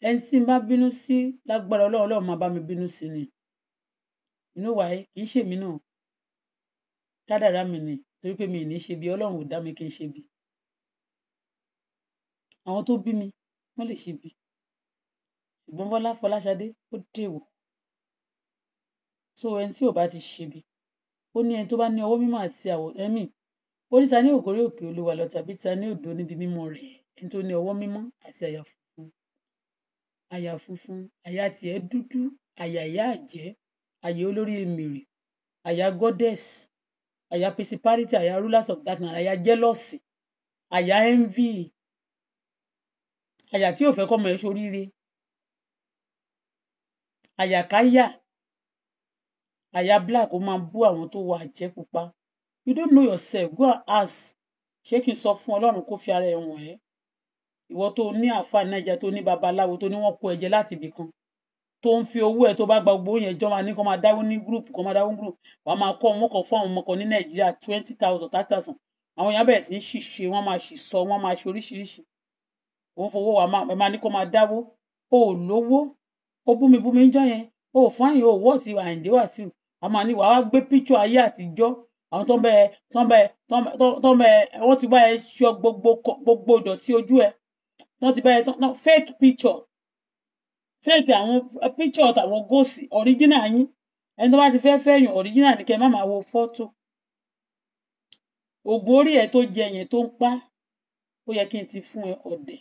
ẹni tí n bá bínú sí lágbára ọlọ́run ọlọ́run máa bá mi bínú sí ni inú wàá kì í ṣèmi náà kádàrá mi ni torí pé mi ì ní ṣe bí ọlọ́run ò dá mi kí n ṣe bí àwọn tó bí mi wọ́n lè ṣe bí ṣùgbọ́n bọ́lá fọláṣadé ó dèwọ̀ so ẹni tí ò bá ti ṣe bí ó ní ẹni tó bá ní ọwọ́ mímọ́ àti àwọ̀ ẹ̀mí ó ní ta ní òkórè òkè olúwa lọ tàbí ta ní òdo níbi mímọ́ rẹ̀ ẹni tó ní ọwọ́ mímọ́ àti àyà funfun àyà funfun àyà tiẹ̀ dúdú àyà ìyá àjẹ́ àyà olórí èmèrè àyà goddess àyà principality àyà rulers of darkness àyà jealousy àyà envy àyà tí ò fẹ́ kọ́mọ ẹ̀ ṣoríire àyàkáyà Aya black ó máa bú àwọn tó wọ àjẹ́ pupa. You don't know yourself. Go and ask. Ṣé kí n sọ fún Ọlọ́run kó fi ara ẹ̀ wọ̀n ẹ́? Ìwọ tó ní àáfàá Nàìjíríà tó ní babaláwo tó ní wọ́n kó ẹ̀jẹ̀ láti ibì kan. Tó ń fi owó ẹ̀ tó bá gba gbogbo yẹn jọ máa ní kó máa dáwó ní group kó máa dáwó ní group. Wàá máa kọ́ wọn kọ̀ fún àwọn ọmọ kan ní Nàìjíríà twenty thousand thirty thousand. Àwọn èèyàn bẹ̀rẹ̀ sí í ṣìṣe, wọ́n máa ṣì sọ, wọ́n máa ṣe oríṣiríṣi. Ó ń fowó wa máa ní kó máa dáwó. O ò lówó. O búmi búmi ń jọ́ yẹn. O ò fáyìn, o ò wọ́ọ̀tì Àyìndé Wàsíù àwọn máa ní wàá gbé píṣọ ayé àtijọ́ àwọn tó ń bẹ tó ń bẹ tó ń bẹ wọ́n ti bá ẹ ṣọ gbogbo gbogbo ìdọ̀tí ojú ẹ wọ́n ti bá ẹ tán fake picture fake àwọn picture tàwọn góòsì original yín ẹni tó bá ti fẹ́ fẹ́yàn original ni kẹ́ ẹ má máa wo fọ́tò oògùn orí ẹ tó jẹ yẹn tó ń pa ó yẹ kí n ti fún ẹ ọ̀dẹ̀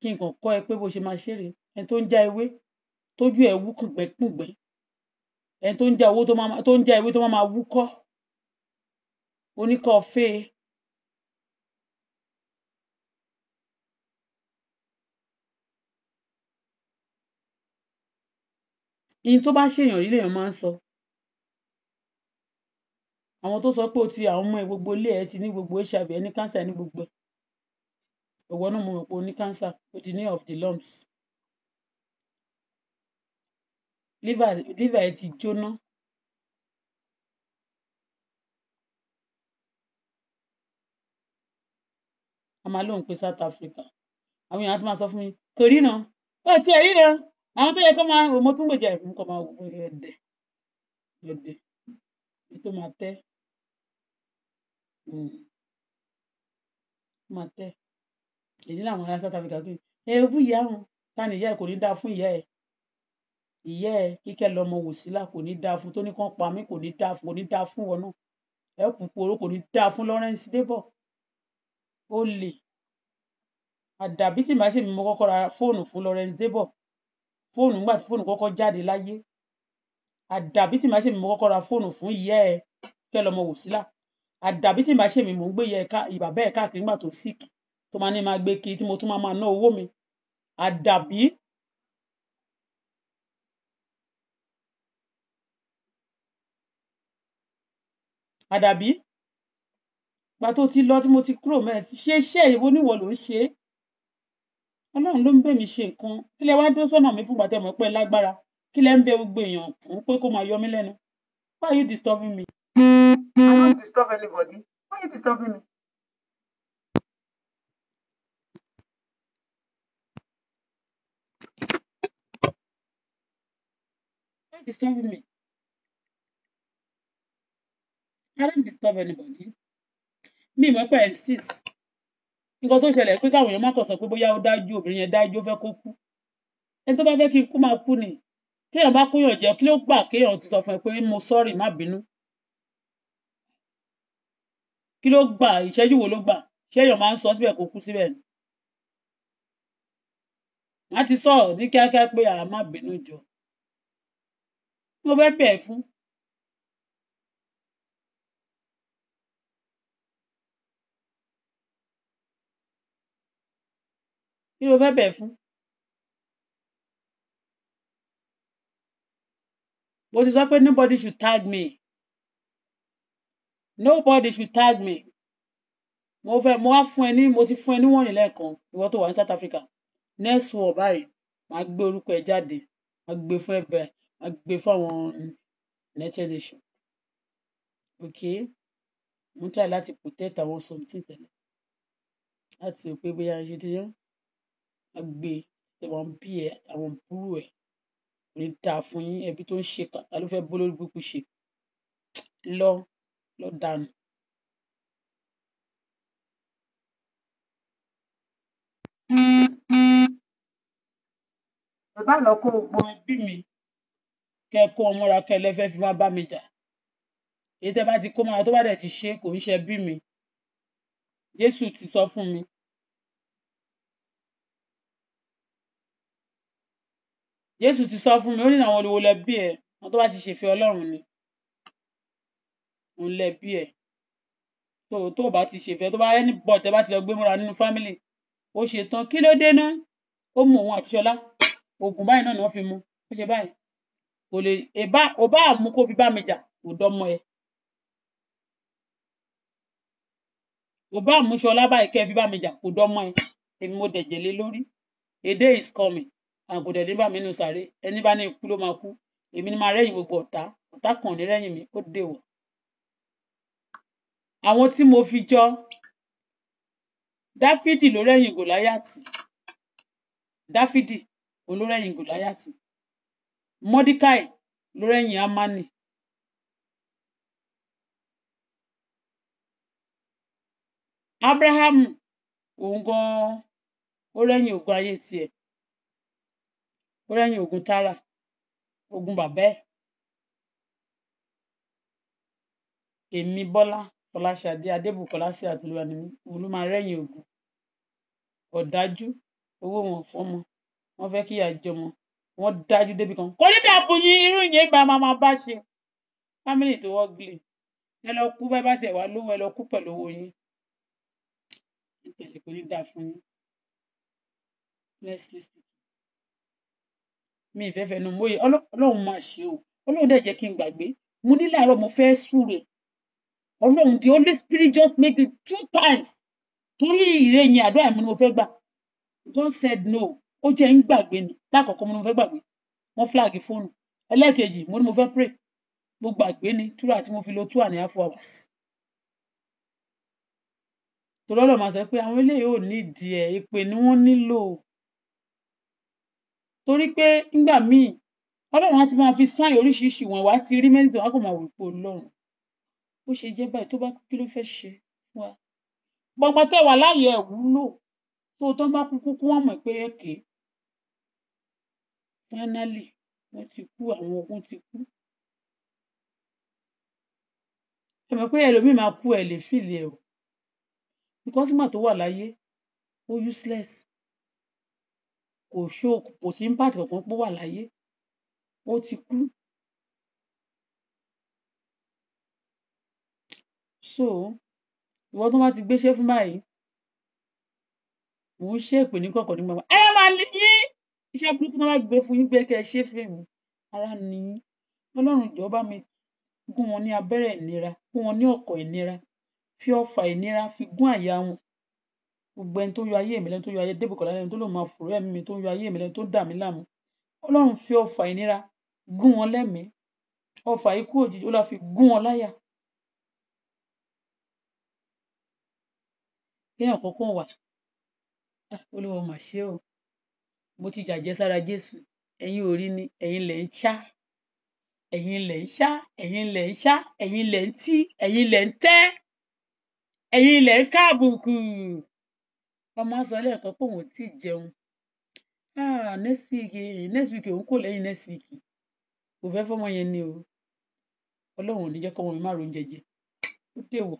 kí n kàn kọ́ ẹ pé bó ṣe máa ṣe ẹni tó ń já ewé tójú ẹ̀ wú kùgbẹ́kùgbẹ́ ẹni tó ń já owó tó máa tó ń já ewé tó máa wúkọ́ oníkọ̀ọ́fẹ́ ìyìn e. tó bá ṣèyàn rí lèèyàn máa ń sọ àwọn tó sọ pé o ti àwọn ọmọ ẹ gbogbo ilé ẹ ti ní gbogbo hiv ẹ ní cancer ní gbogbo ẹ ìwọ náà mo mọ̀ pé o ní cancer o ti ní of the lumps liver liver ẹ ti jóná a máa lóun pé South Africa àwọn èèyàn á tún máa sọ fún mi kò ríran ó tiẹ̀ ríran àwọn tó yẹ kó máa rò mo tún gbèjà ìfún kó máa wò ó ẹdẹ ẹdẹ tó máa tẹ hmm. máa tẹ èyí làwọn ará South Africa pé ẹ ìyá wọn ta ìyá ẹ kò ní dáa fún ìyá ẹ ìyá ẹ kíkẹ́ lọ́mọ wòsílà kò ní dáa fún tó ní kàn pa mí kò ní dáa fún kò ní dáa fún wọn náà ẹ kù kúrò kò ní dáa fún Lawrence Débọ̀ ó lè àdàbí tí màá ṣe mi mo kọ́kọ́ ra fóònù fún Lawrence Débọ̀ fóònù nígbà tí fóònù kọ́kọ́ jáde láyé àdàbí tí màá ṣe mi mo kọ́kọ́ ra fóònù fún ìyá ẹ kíkẹ́ lọ́mọ wòsílà àdàbí tí màá ṣe mi mò ń gbé yẹ ìbàbẹ́ ẹ̀ káàkiri nígbà tó síkì tó máa ní máa gbé kiri tí mo tún máa máa ná owó mi àdàbí àdàbí ìgbà tó ti lọ tí mo ti kúrò mẹ́ẹ̀ ṣe iṣẹ́ ìwo níwọ̀ ló ń ṣe é ọlọ́run ló ń bẹ̀ mí ṣe nǹkan kí lẹ wá dó sọ́nà mi fúngbà tẹ́ mọ̀ pé lágbára kí lẹ ń bẹ gbogbo èèyàn fún pé kó máa yọ mí lẹ́nu why are you disturbing me. I don't disturb anybody why are you disturbing me. Why are you disturbing me. I don't disturb anybody mi mọ̀ pé insist nǹkan tó ṣẹlẹ̀ pé káwọn èèyàn má kàn sọ pé bóyá ó dájú obìnrin yẹn dájú ó fẹ́ kó kú ẹni tó bá fẹ́ kí n kú máa kú ni téèyàn bá kóyàn jẹ kí ló gbà kéèyàn ti sọ fún ẹ pé mo sọ́ọ̀rì má bínú kí ló gbà ìṣẹ́jú wo ló gbà ṣéèyàn máa ń sọ síbẹ̀ kó kú síbẹ̀ ni wọ́n ti sọ ní kíákíá pé àá má bínú jọ mo fẹ́ bẹ̀ fún kí ló fẹ́ bẹ̀ fún mo ti sọ pé nobody should tag me nobody should tag me mo fẹ́ mo wá fún ẹ ní mo ti fún ẹ ní wọ̀nyí lẹ́ẹ̀kan ìwọ tó wà ní South Africa next war báyìí màá gbé orúkọ ẹ jáde màá gbé fún ẹbẹ màá gbé fún àwọn United Nations okay mo ń try láti protect àwọn something tẹ́lẹ̀ láti rò pé bóyá ṣe ti yẹn agbe àtàwọn bí ẹ àtàwọn búrò ẹ kò ní dáa fún yín ẹbí tó ń ṣe kàtà ló fẹ́ bó lórí burúkú ṣe lọ lọ dànù. bàbá lọ kó gbogbo ẹbí mi kẹ kó wọn mọ́ra kẹ lẹfẹ fi wá bá mi jà èyí tẹ bá ti kó mọ́ra tó bá dẹ ti ṣe kò ń ṣe ẹbí mi Jésù ti sọ fún mi jésù ti sọ fún mi ó ní àwọn olówó lẹbí ẹ wọn tó bá ti ṣèfẹ́ Ọlọ́run ni òun lẹbí ẹ tó tó bá ti ṣèfẹ́ tó bá ẹni bọ tẹ bá ti lọ gbé múra nínú fámìlì ó ṣe tán kí ló dé náà ó mú òun àti ṣọlá oògùn báyìí náà ni wọn fi mu ó ṣe báyìí kò lè èbá ò bá àmú kó fi bá mi jà kò dọmọ ẹ ò bá àmú ṣọlá báyìí kẹ fi bá mi jà kò dọmọ ẹ èmi mo dẹjẹ lé lórí a day is coming àgò dẹ̀ nígbà mínú sàré ẹni bá ní ikú ló máa kú èmi ni máa rẹ́yìn gbogbo ọ̀tá ọ̀tá kan ní rẹ́yìn mi ó dèwọ̀. àwọn tí mo fi jọ dáfídì ló rẹ́yìn gòláyàtì dáfídì olórẹ́yìn gòláyàtì mọ́díkàì ló rẹ́yìn amani abrahamu òun gan-an ó rẹ́yìn ogun ayé tiẹ̀ ó rẹ́yìn ogun tara ogun bàbá ẹ̀ èmi bọ́lá fọláṣadé adébùkọ́lá sí àtúlùwà ni mí òun ló máa rẹ́yìn ogun ọ̀dájú owó wọn fọmọ wọn fẹ́ kíyà jọmọ wọn dájú débi kan kò ní dà fún yín irú yẹn gba máa máa bá ṣe family tó wọ́n gílè ẹ lọ kú bá tẹ̀ wá lóhùn ẹ lọ kú pẹ̀lú owó yín kò ní dà let's listen mi ìfẹ́ fẹnu mọ́yè ọlọ́run máa ṣe o ọlọ́run dẹ̀ jẹ́ kí n gbàgbé mo ní láàárọ̀ mo fẹ́ súre ọlọ́run the only spirit just make it two times torí ìre yẹn àdó àìmọ́ ni mo fẹ́ gbà God said no ó jẹ́ ń gbàgbé ni lákọ̀ọ́kọ́ mo ní mo fẹ́ gbàgbé wọ́n flag fóònù ẹlẹ́ẹ̀kejì mo ní mo fẹ́ pray mo gbàgbé ni túrà tí mo fi lo two and a half hours torí ọlọ́run máa sọ pé àwọn eléyìí ò ní ìdí ẹ̀ ìpè ni wọ́n nílò o torí pé nígbà míì ọlọ́run á ti máa fi sáìn oríṣiríṣi wọn wá ti rí mẹ́rin tí wọn á kò máa wò pé ọlọ́run ó ṣe jẹ́ báyìí tó bá kú kí ló fẹ́ ṣe fún wa gbọgbọ tẹ wà láàyè ẹ wúlò tó o tó bá kú kú kú wọn mọ̀ pé èké finally wọ́n ti kú àwọn ogun ti kú ẹ mọ̀ pé ẹlòmíì máa kú ẹ lè fìlì ẹ o because nígbà tó wà láyé ó useless kò show kò sí impact kankan pé wà láyé ó ti kú so ìwọ tó bá ti gbéṣẹ́ fún báyìí mò ń ṣèpè ní kọ̀ọ̀kan ní gbàgbà ẹ máa lè yí iṣẹ́ burúkú tó bá gbé fún yín gbé kẹ́ ẹ ṣe fèmí ara nìyí Ọlọ́run jọ̀ọ́ bá mi gún wọn ní abẹ́rẹ́ ìnira gún wọn ní ọ̀kọ̀ ìnira fi ọfà ìnira fi gún àyà wọn gbogbo ẹni tó ń yọ ayé mi lẹ́nu tó ń yọ ayé débò kọ̀ọ̀lá lẹ́nu tó lòun máa fòrò ẹ̀mí mi tó ń yọ ayé mi lẹ́nu tó ń dà mí láàmú ọlọ́run fi ọfà ìnira gún wọn lẹ́mìí ọfà ikú òjijì ó la fi gún wọn láyà kéèyàn kọ́kọ́ wà ah, olúwa mà ṣe o mo ti jàjẹ́ sára jésù ẹ̀yin ò rí ni ẹ̀yin lẹ̀ ń ṣá ẹ̀yin lẹ̀ ń ṣá ẹ̀yin lẹ̀ ń ṣá ẹ̀yin lẹ̀ ń tí ẹ̀yin lẹ̀ ń tẹ́ ẹ̀yin lẹ̀ ń káàbùkù ọmọ á sọ lẹ́ẹ̀kan pé òun ti jẹun ah next week next week òun kò lẹ́yìn next week kò fẹ́ fọmọ yẹn ni o ọlọ́run ò ní jẹ́ kọ́mọ mi má roúnjẹ jẹ ó dèwọ̀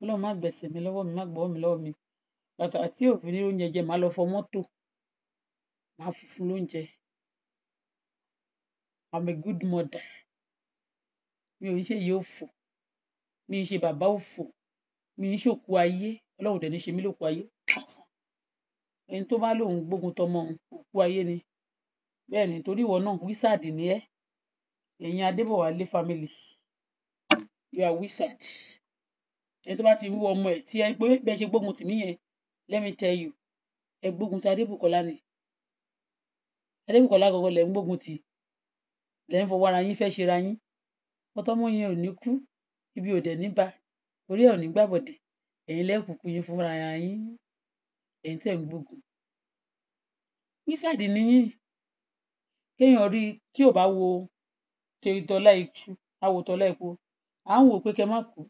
ọlọ́run má gbẹ̀sẹ̀ mi lọ́wọ́ mi má gbọ́wọ́ mi lọ́wọ́ mi kàkà tí òfin ní oúnjẹ jẹ màá lọ fọ mọ́tò màá funfun lóúnjẹ i'm a good mother mi ò ń ṣe yìí òfò mi ń ṣe bàbá òfò mi ń ṣòkú ayé ọlọ́run dẹ̀ ní ṣe mí lòkú ayé ẹni tó bá lòun gbógun tọmọ òkú ayé ni bẹ́ẹ̀ ni torí ìwọ náà wizard ni ẹ́ ẹ̀yin adébọ̀wálé family you are wizard ẹni tó bá ti wú ọmọ ẹ̀ tí ẹ pé bẹ́ẹ̀ ṣe gbógun tì mí yẹn let me tell you ẹ gbógun ti adébùkọ́lá ni adébùkọ́lá gọ́gọ́ lẹ̀ ń gbógun tì lẹ̀ ń fọwọ́ ara yín fẹ́ ṣe ra yín ọtọ́mọ yẹn ò ní kú ibi ò dẹ̀ ní bá orí ẹ ò ní gbàbọdè ẹ̀yin lẹkùkù yín fúnra yín ẹ̀yin tẹ́ ń gbógun wísàdì nìyí kéèyàn rí tí ò bá wo tòyítọ́lá ikú awòtọ́lá epo à ń wò pé kẹ má kú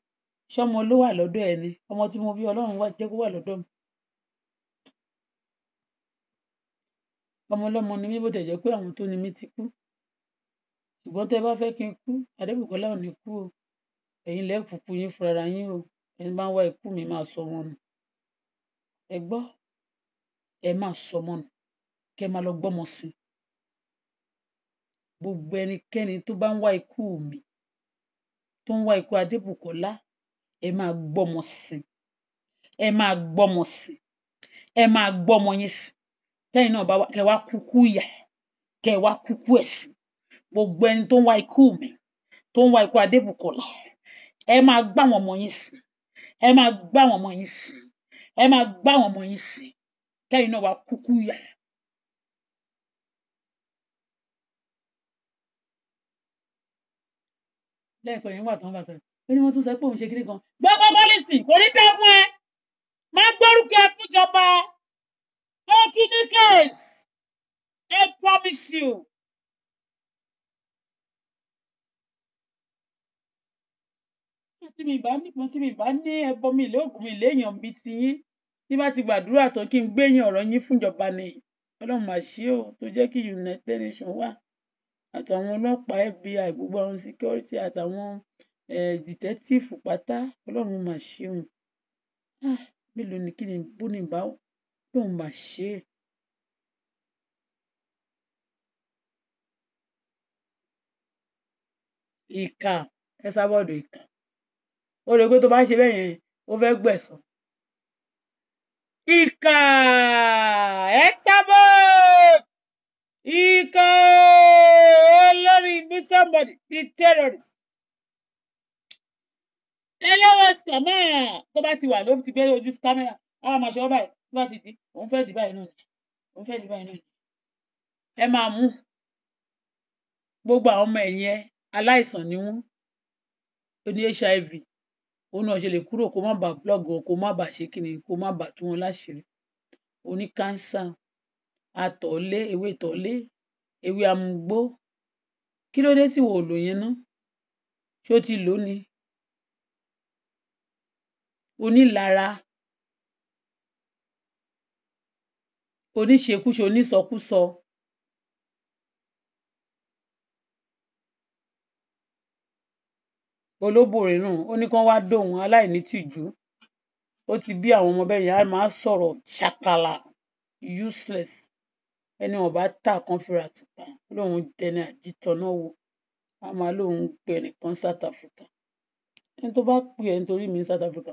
ṣọmọ ló wà lọ́dọ̀ ẹ ni ọmọ tí mo bí Ọlọ́run wà jẹ́ kó wà lọ́dọ̀ mi ọmọlọ́mọ ni mí bó tẹ̀ jẹ́ pé àwọn tó ni mí ti kú ṣùgbọ́n tẹ́ bá fẹ́ kí n kú Adébùkọ́lá ò ní kú o ẹ̀yin lẹ kúkú yín fúnra yín o ẹni bá ń wá ikú mi máa sọ wọn nù ẹ gbọ́ ẹ máa sọ wọn nù kẹ máa lọ gbọ́mọ sí gbogbo ẹnikẹ́ni tó bá ń wá ikú mi tó ń wá ikú Adébùkọ́lá ẹ máa gbọ́mọ sí ẹ máa gbọ́mọ sí ẹ máa gbọ́mọ yín sí tẹ́yìn náà bá wá kẹ wá kúkú yà kẹ wá kúkú ẹ̀ sí gbogbo ẹni tó ń wá ikú mi tó ń wá ikú Adébùkọ́lá ẹ máa gbá àwọn ọmọ yín sìn ẹ máa gbá àwọn ọmọ yín sìn ẹ máa gbá àwọn ọmọ yín sìn lẹ́yìn náà wàá kúkú yà. lẹ́ẹ̀kan yẹn wà tán bá sọ̀rọ̀ ó ní wọ́n tún sọ pé òun ṣe kiri kan gbọ́gbọ́ pọ́lísì kò ní dá fún ẹ má gbórúkọ ẹ fúnjọba ó ti ní case I promise you tí mi bá nípọn tí mi bá ní ẹbọ mi ilé ògùn mi ilé èèyàn bíi tiyín tí bá ti gbàdúrà tán kí n gbéyìn ọ̀rọ̀ yín fúnjọba ni Ọlọ́run mà ṣe o tó jẹ́ kí United Nations wà àtàwọn ọlọ́pàá FBI gbogbo àwọn security àtàwọn dìtẹ́tífù pátá Ọlọ́run mà ṣe o ah, mélòó ni kí ni bó ni bá lóun mà ṣe é. ìkà ẹ sábọ̀dọ̀ ìkà ó rẹ pé tó bá ṣe bẹ́ẹ̀ yẹn ó fẹ́ gbẹ̀san. ìkà ẹ sábọ̀ ìkà olórí bí somebody bí terrorist. ẹlẹ́wọ̀n sàmà tó bá ti wà ló ti gbé ojú kámẹ́rà á máa ṣe ọ́ báyìí tó bá ti di òun fẹ́ dì báyìí náà òun fẹ́ dì báyìí náà ẹ máa mú gbogbo àwọn ọmọ ẹ̀yìn ẹ aláìsàn ni wọ́n ó hiv òun náà ṣe lè kúrò kó má bàa plug wọn kó má bàa ṣe kíni kó má bàa tú wọn láṣìírí oní kánsà àtọ̀lé ewé ìtọ̀lé ewé amúgbó kí ló dé tí wò lò yẹn ná ṣé o ti lò ó ni onílara oníṣekúṣe onísọkúsọ olóbòrérùn ó ní kí wọ́n wá dóhùn aláìnítìjú ó ti bí àwọn ọmọ bẹ́ẹ̀ á máa sọ̀rọ̀ ṣàkàlà useless ẹni wọn bá tà kan fira tùpà lóun dẹni àjítọ náà wò á máa lóun pe ẹnìkan South Africa ẹni tó bá pè ẹ nítorí mi South Africa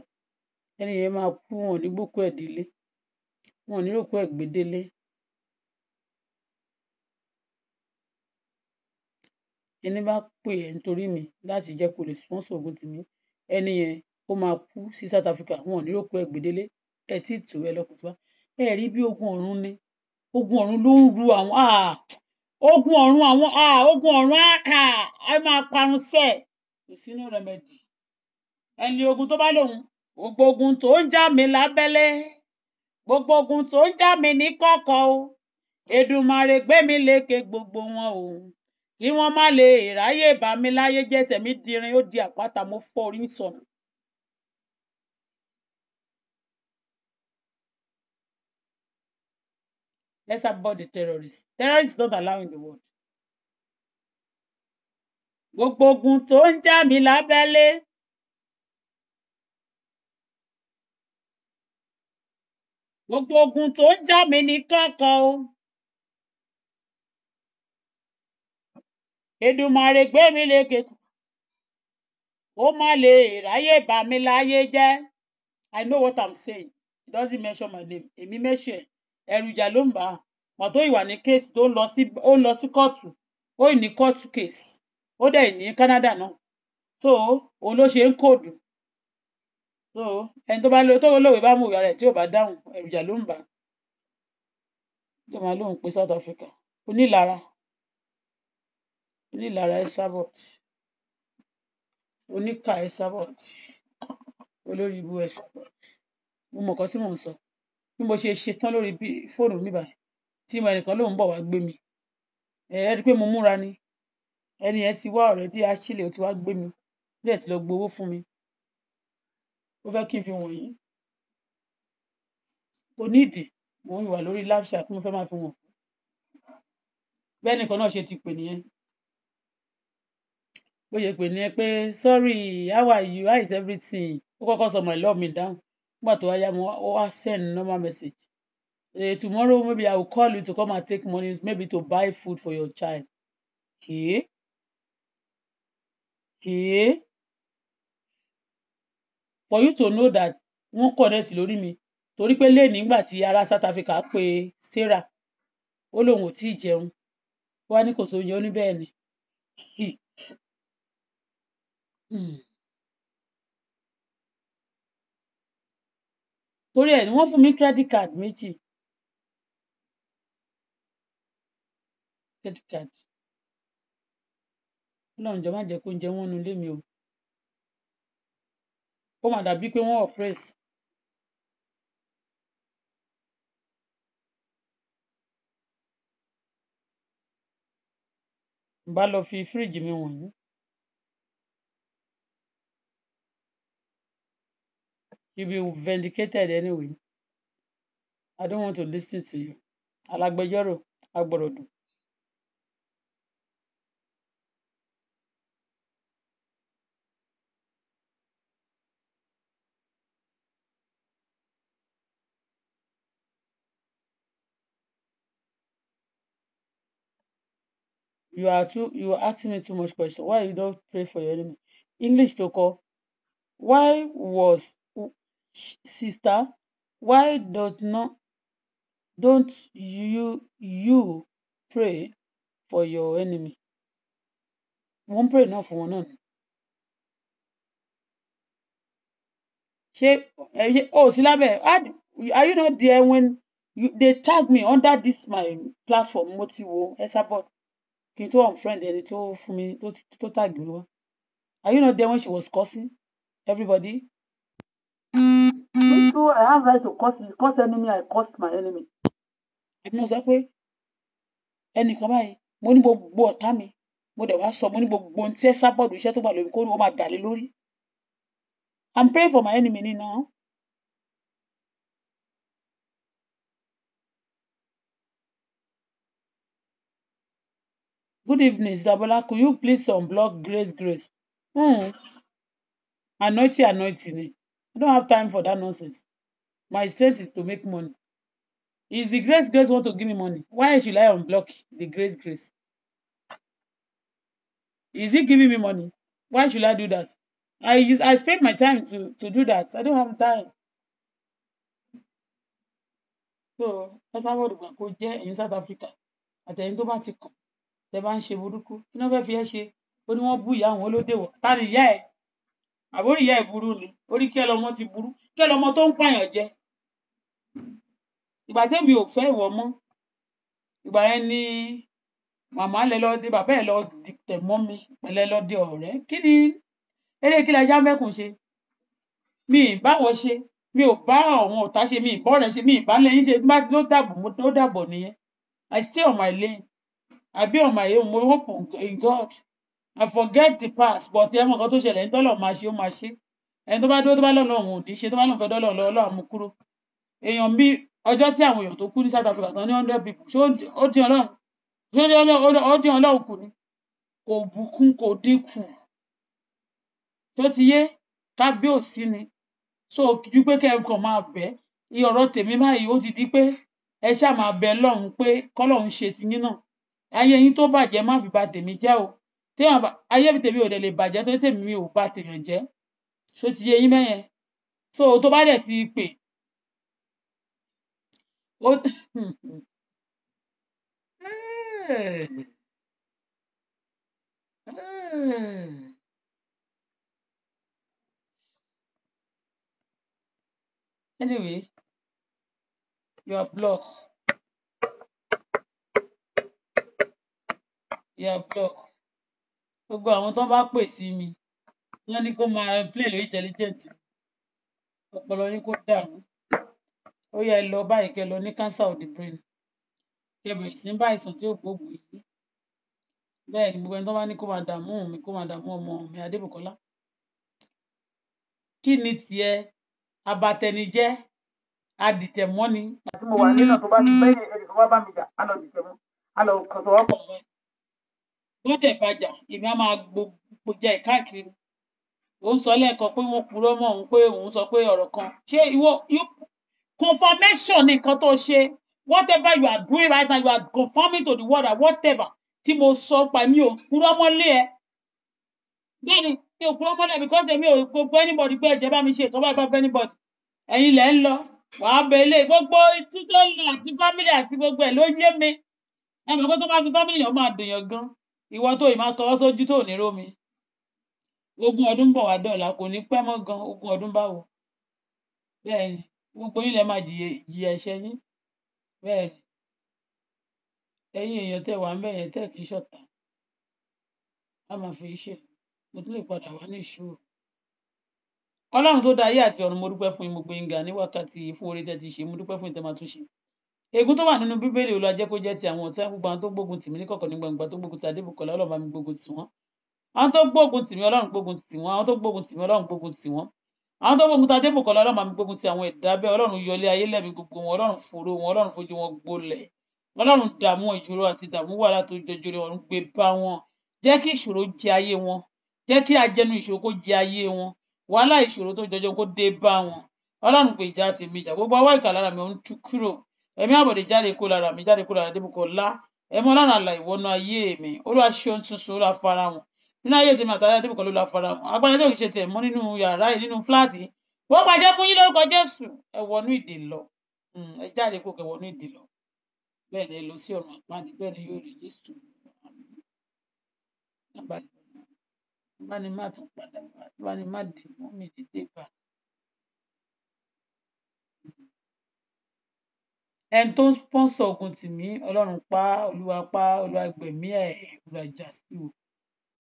ẹni yẹn máa kú wọn nígbòkú ẹ délé wọn níròkú ẹ gbé délé ẹni bá pè ẹ́ nítorí mi láti jẹ́ kó lè sponsor ogun tì mí ẹni yẹn ó máa kú sí South Africa wọn ò ní rògbò ẹ̀ gbèdélé ẹ̀ tí ì tó ẹ lọ́kùn tí wá ẹ rí bí ogun ọ̀run ni ogun ọ̀run ló ń ru àwọn ogun ọ̀run àwọn ogun ọ̀run ẹ máa parun sẹ́ẹ̀ kò sí no remedy ẹni ogun tó bá lòun gbogbo ogun tó ń jà mí lábẹ́lẹ́ gbogbo ogun tó ń jà mí ní kọ̀kọ̀ o Èdùmàrè gbé mi lékè gbogbo wọn o kí wọ́n má lè ráyè bà mí láyé jẹ́ mi dirin ó di àpáta mo fọ́ orí sọnù. Let's abort the terrorists. Terrorists don't allow in the world. Gbogbo ogun tó ń jà mí lábẹ́lé. Gbogbo ogun tó ń jà mí ní kọ̀kọ̀ o. edumare gbé mi lékè o má lè ráyè bà mí láyé I know what I'm saying it doesn't mention my name èmi mention ẹ̀ ló ń bà á ìwà ní case tó ń lọ sí ó ń lọ sí kóòtù ó ní kóòtù case ó dẹ̀ ní Canada náà so òun ló ṣe ń kóòdù so ẹni tó bá lo tó lówe bá mú ìyá tí ò bá dáhùn ló onílara esabot oníkà esabot olórí ibu esabot mo mọ̀ nǹkan tí mò ń sọ bí mo ṣe ṣe tán lórí fóònù mi báyìí tí mo ẹnìkan lòún bọ̀ wá gbé mi ẹ ẹ rí i pé mo múra ni ẹni yẹn ti wá ọ̀rẹ́ dí achille ó ti wá gbé mi díẹ̀ ti lọ gbowó fún mi ó fẹ́ kí n fi wọ̀nyí kò ní ìdí mò ń wà lórí láfíà tí mo fẹ́ máa fi wọ̀n bẹ́ẹ̀ nìkan náà ṣe ti pè nìyẹn bó pè ní ẹ pé sorry how are you how is everything ó kọ́kọ́ sọ my love me down nígbà tó wáyà mo wá send normal message uh, tomorrow maybe i will call you to come and take money maybe to buy food for your child Okay. Okay. for you to know that wọ́n connect lórí mi torí pé lẹ́ẹ̀ni nígbà tí ará South Africa pè Sarah ó lóun ò tí ì jẹun wá ní kò sóúnjẹ ó ní bẹ́ẹ̀ ni *laughs* um torí ẹ ni wọn fún mi credit card méjì credit card Ọlọ́run jọ má jẹ́ kó oúnjẹ wọn nu ilé mi o ó mà dàbí pé wọn oppress n bá lọ fi fíríìjì mi wọ̀nyí you be vindicated anyway i don't want to listen to you alágbẹjọ́rò agbọ̀rọ̀dùn you are too you are asking me too much questions. why you don't pray for your enemy english to call why was sister why does don't you you pray for your enemy mo pray náà for wọn náà ni ṣé ẹyẹ o sí lábẹ́ are you not there when you, they tag me under this my platform mo ti wo Esabod kí n tó unfriend ẹni tó fún mi tó tag mi wá are you not there when she was cursing everybody so I have right to curse him curse enemy I cursed my enemy. èmi náà sọ pé ẹnìkan báyìí mo ní gbogbo ọ̀tá mi mo dẹ̀ wá sọ mo ní gbogbo ohun tí ẹ sábọ̀dù iṣẹ́ tó wà lórí kó o máa dà lé lórí I'm praying for my enemy ni now. Good evening, Dabola. Could you please unblock Grace Grace? Hmm. Anointing, anointing. I don't have time for that nonsense. My strength is to make money. Is the grace grace want to give me money? Why should I unblock the grace grace? Is he giving me money? Why should I do that? I just, I spend my time to, to do that. I don't have time. So that's how we jẹ́ ẹ̀yin South Africa àtẹ̀yin tó bá ti kàn tẹ́ bá ń ṣe burúkú kí ni wọ́n fẹ́ fi ẹ́ ṣe ó ní wọ́n bú ìyá àwọn olóde wọ̀ ta ni ìyá ẹ̀ àbórí ìyá ẹ̀ burú ni orí kí ẹlọmọ ti burú kí ẹlọmọ tó ń pààyàn jẹ ìgbà tẹ́mi ò fẹ́ ìwọ mọ́ ìgbà yẹn ni màmá lẹ lọ dé bàbá ẹ lọ tẹ̀ mọ́ mi pẹ̀lẹ́ lọ dé ọ̀rẹ́ kí ni eré kí la já mẹ́kùn ṣe mi ì báwọ ṣe mi ò bá àwọn ọ̀tá ṣe mi ì bọ́ọ̀rẹ́ ṣe mi ì bá lẹ́yìn ṣe bá ló dàbọ̀ mo ló dàbọ̀ nìyẹn I stay on my lane I be on my own mo hope in God I forget the past but ẹ mọ̀ nǹkan tó ṣẹlẹ̀ ẹni tó lọ́ọ̀ máa ṣe ó máa ṣe ẹni tó bá dúró tó bá lọ́ọ̀ lọ́ọ̀ ò ní ṣe tó bá lọ́ọ̀ fẹ́ dọ́lọ́ọ̀ lọ́ọ̀ lọ́ọ̀ mú kúrò èèyàn bí ọjọ́ tí àwọn èèyàn tó kú ní South Africa tán ní hundred people ṣé ó dín ọlọ́run ṣé ó dín ọlọ́run kù ni kò bùkún kò dínkù tó ti yé kábíyèsí ni so ju pé kẹ́ ẹ kàn máa bẹ̀ iye ọ̀rọ̀ tèmi báyìí ó ti di pé ẹ ṣáà máa bẹ lọ́run pé kọ́lọ́run ṣe tiyín náà ayé yín tó bàjẹ́ má fi ba tèmi jẹ́ o téèyàn ayé mi tèmi ò lè bàjẹ́ tó tèmi mi ò bá tèèyàn jẹ́ ṣó ti yé yín mẹ́yẹn so tó bá dẹ̀ ti pè ó *laughs* anyway your block. Your block gbogbo àwọn tó bá pè sí mi wọ́n ní kó máa play lórí intelligent ọpọlọ yín kó dàrú ó yẹ lọ báyìí kẹ́ lọ ní cancer of the brain kẹ́ bẹ̀rẹ̀ sí bá àìsàn tí ò gbóògùn yìí bẹ́ẹ̀ ni gbogbo ẹni tó bá ní kó máa dààmú mi kó máa dààmú ọmọ mi Adébùkọ́lá kí ni tiẹ̀ abatẹnijẹ́ adìtẹ̀mọ́ni àti mo wà nínà tó bá ti bẹ́ẹ̀ ẹni tó bá bá mi jà á lọ dìtẹ̀mọ́ á lọ kọ̀sọ̀ wọ́pọ̀ mọ́ ẹ yóò dẹ̀ bàjà èmi á máa gbòjà ẹ̀ káàkiri ó ń sọ lẹ́ẹ̀kan pé wọ́n purọ́ mọ́ òun pé òun sọ pé ọ̀rọ̀ kan ṣé ìwọ confirmation ni nǹkan tó ṣe whatever you are doing right now you are confirming to the world whatever tí mo sọ pa mi ò purọ́ mọ́lé ẹ bẹ́ẹ̀ ni mi ò purọ́ mọ́lé because èmi ò gbogbo anybody pé ẹ̀jẹ̀ bá mi ṣe ìtọ́ba ìbá fẹ́ anybody ẹ̀yin lẹ́ ń lọ wàá bẹ ilé gbogbo títọ́ àti family àti gbogbo ẹ̀ ló yé mi ẹ̀ mọ̀ pé tó bá fi family yàn máa dùn yàn gan ìwọ tó ì máa tọwọ́ sójú tó ní rómi ogún ọdún bọ̀ wá dọ̀la kò ní pẹ́ mọ́ gan ogún ọdún báwo bẹ́ẹ̀ ni gbogbo yín lẹ máa jìyà ẹ̀ṣẹ̀ yín bẹ́ẹ̀ ni ẹ̀yin èèyàn tẹ́ wà ń bẹ̀ yẹn tẹ́ kì í ṣọ̀tá a máa fi ṣe mo tún lè padà wá ní ìṣòro ọlọ́run tó dá ayé àti ọ̀run mo dúpẹ́ fún yín mo gbé yín ga ní wákàtí fún oore ti ṣe mo dúpẹ́ fún yín máa tún ṣe ègún tó wà nínú bíbélì olú ajẹ́ kó jẹ́ ti àwọn ọ̀tá gbogbo àwọn tó gbógun tì mí ní kọ̀kọ̀ ní gbangba tó gbógun ti adébùkọ́lá ọlọ́run bá mi gbógun tì wọ́n àwọn tó gbógun tì mí ọlọ́run gbógun tì wọ́n àwọn tó gbógun tì mí ọlọ́run gbógun tì wọ́n àwọn tó gbógun ti adébùkọ́lá ọlọ́run bá mi gbógun ti àwọn ẹ̀dá bẹ́ẹ̀ ọlọ́run yọlé ayé lẹ́mí gbogbo wọn ọlọ́run fòró wọn ọlọ́run fojú wọn gbolẹ̀ ọlọ́run dààmú ìṣòro àti ìdààmú wàhálà tó jọjọrẹ ọ̀run gbé bá wọn jẹ́ kí ìṣòro jẹ ayé wọn jẹ́ kí ajẹnu ìṣòro kó jẹ ayé wọn wàhálà ìṣòro tó jọjọ kó dé bá wọn ọlọ́run pè já tèmi ìjà gbogbo awọ ìkà mi ò ń tú kúrò ẹ̀mí àbọ̀dé jáde kó lára mi jáde kó lára débùkọ lá ẹ̀mí ọlọ́run àlà ìwọ́nú ayé mi olúwa ṣe ohun tuntun olúwa fara wọn nínú ayé tèmi àtàlẹ́ débùkọ ló la fara wọn agbára tó kì í ṣe tẹ̀ mọ́ nínú yàrá yìí nínú fúláàtì wọ́n pàṣẹ fún yín lórúkọ jésù ẹ wọnú ìdè lọ hmm, ẹ jáde kó kẹ wọnú ìdè lọ bẹ́ẹ̀ ni ẹ lọ sí ọ̀nà àpáàdé bẹ́ẹ̀ ni yóò rí jésù àbá ni má tún padà wá àbá má dé mọ́ mi ní dé báyìí. ẹni tó ń sponsor ogun tì mí ọlọ́run pa á olúwa pa á olúwa gbẹ̀mí ẹ̀ olúwa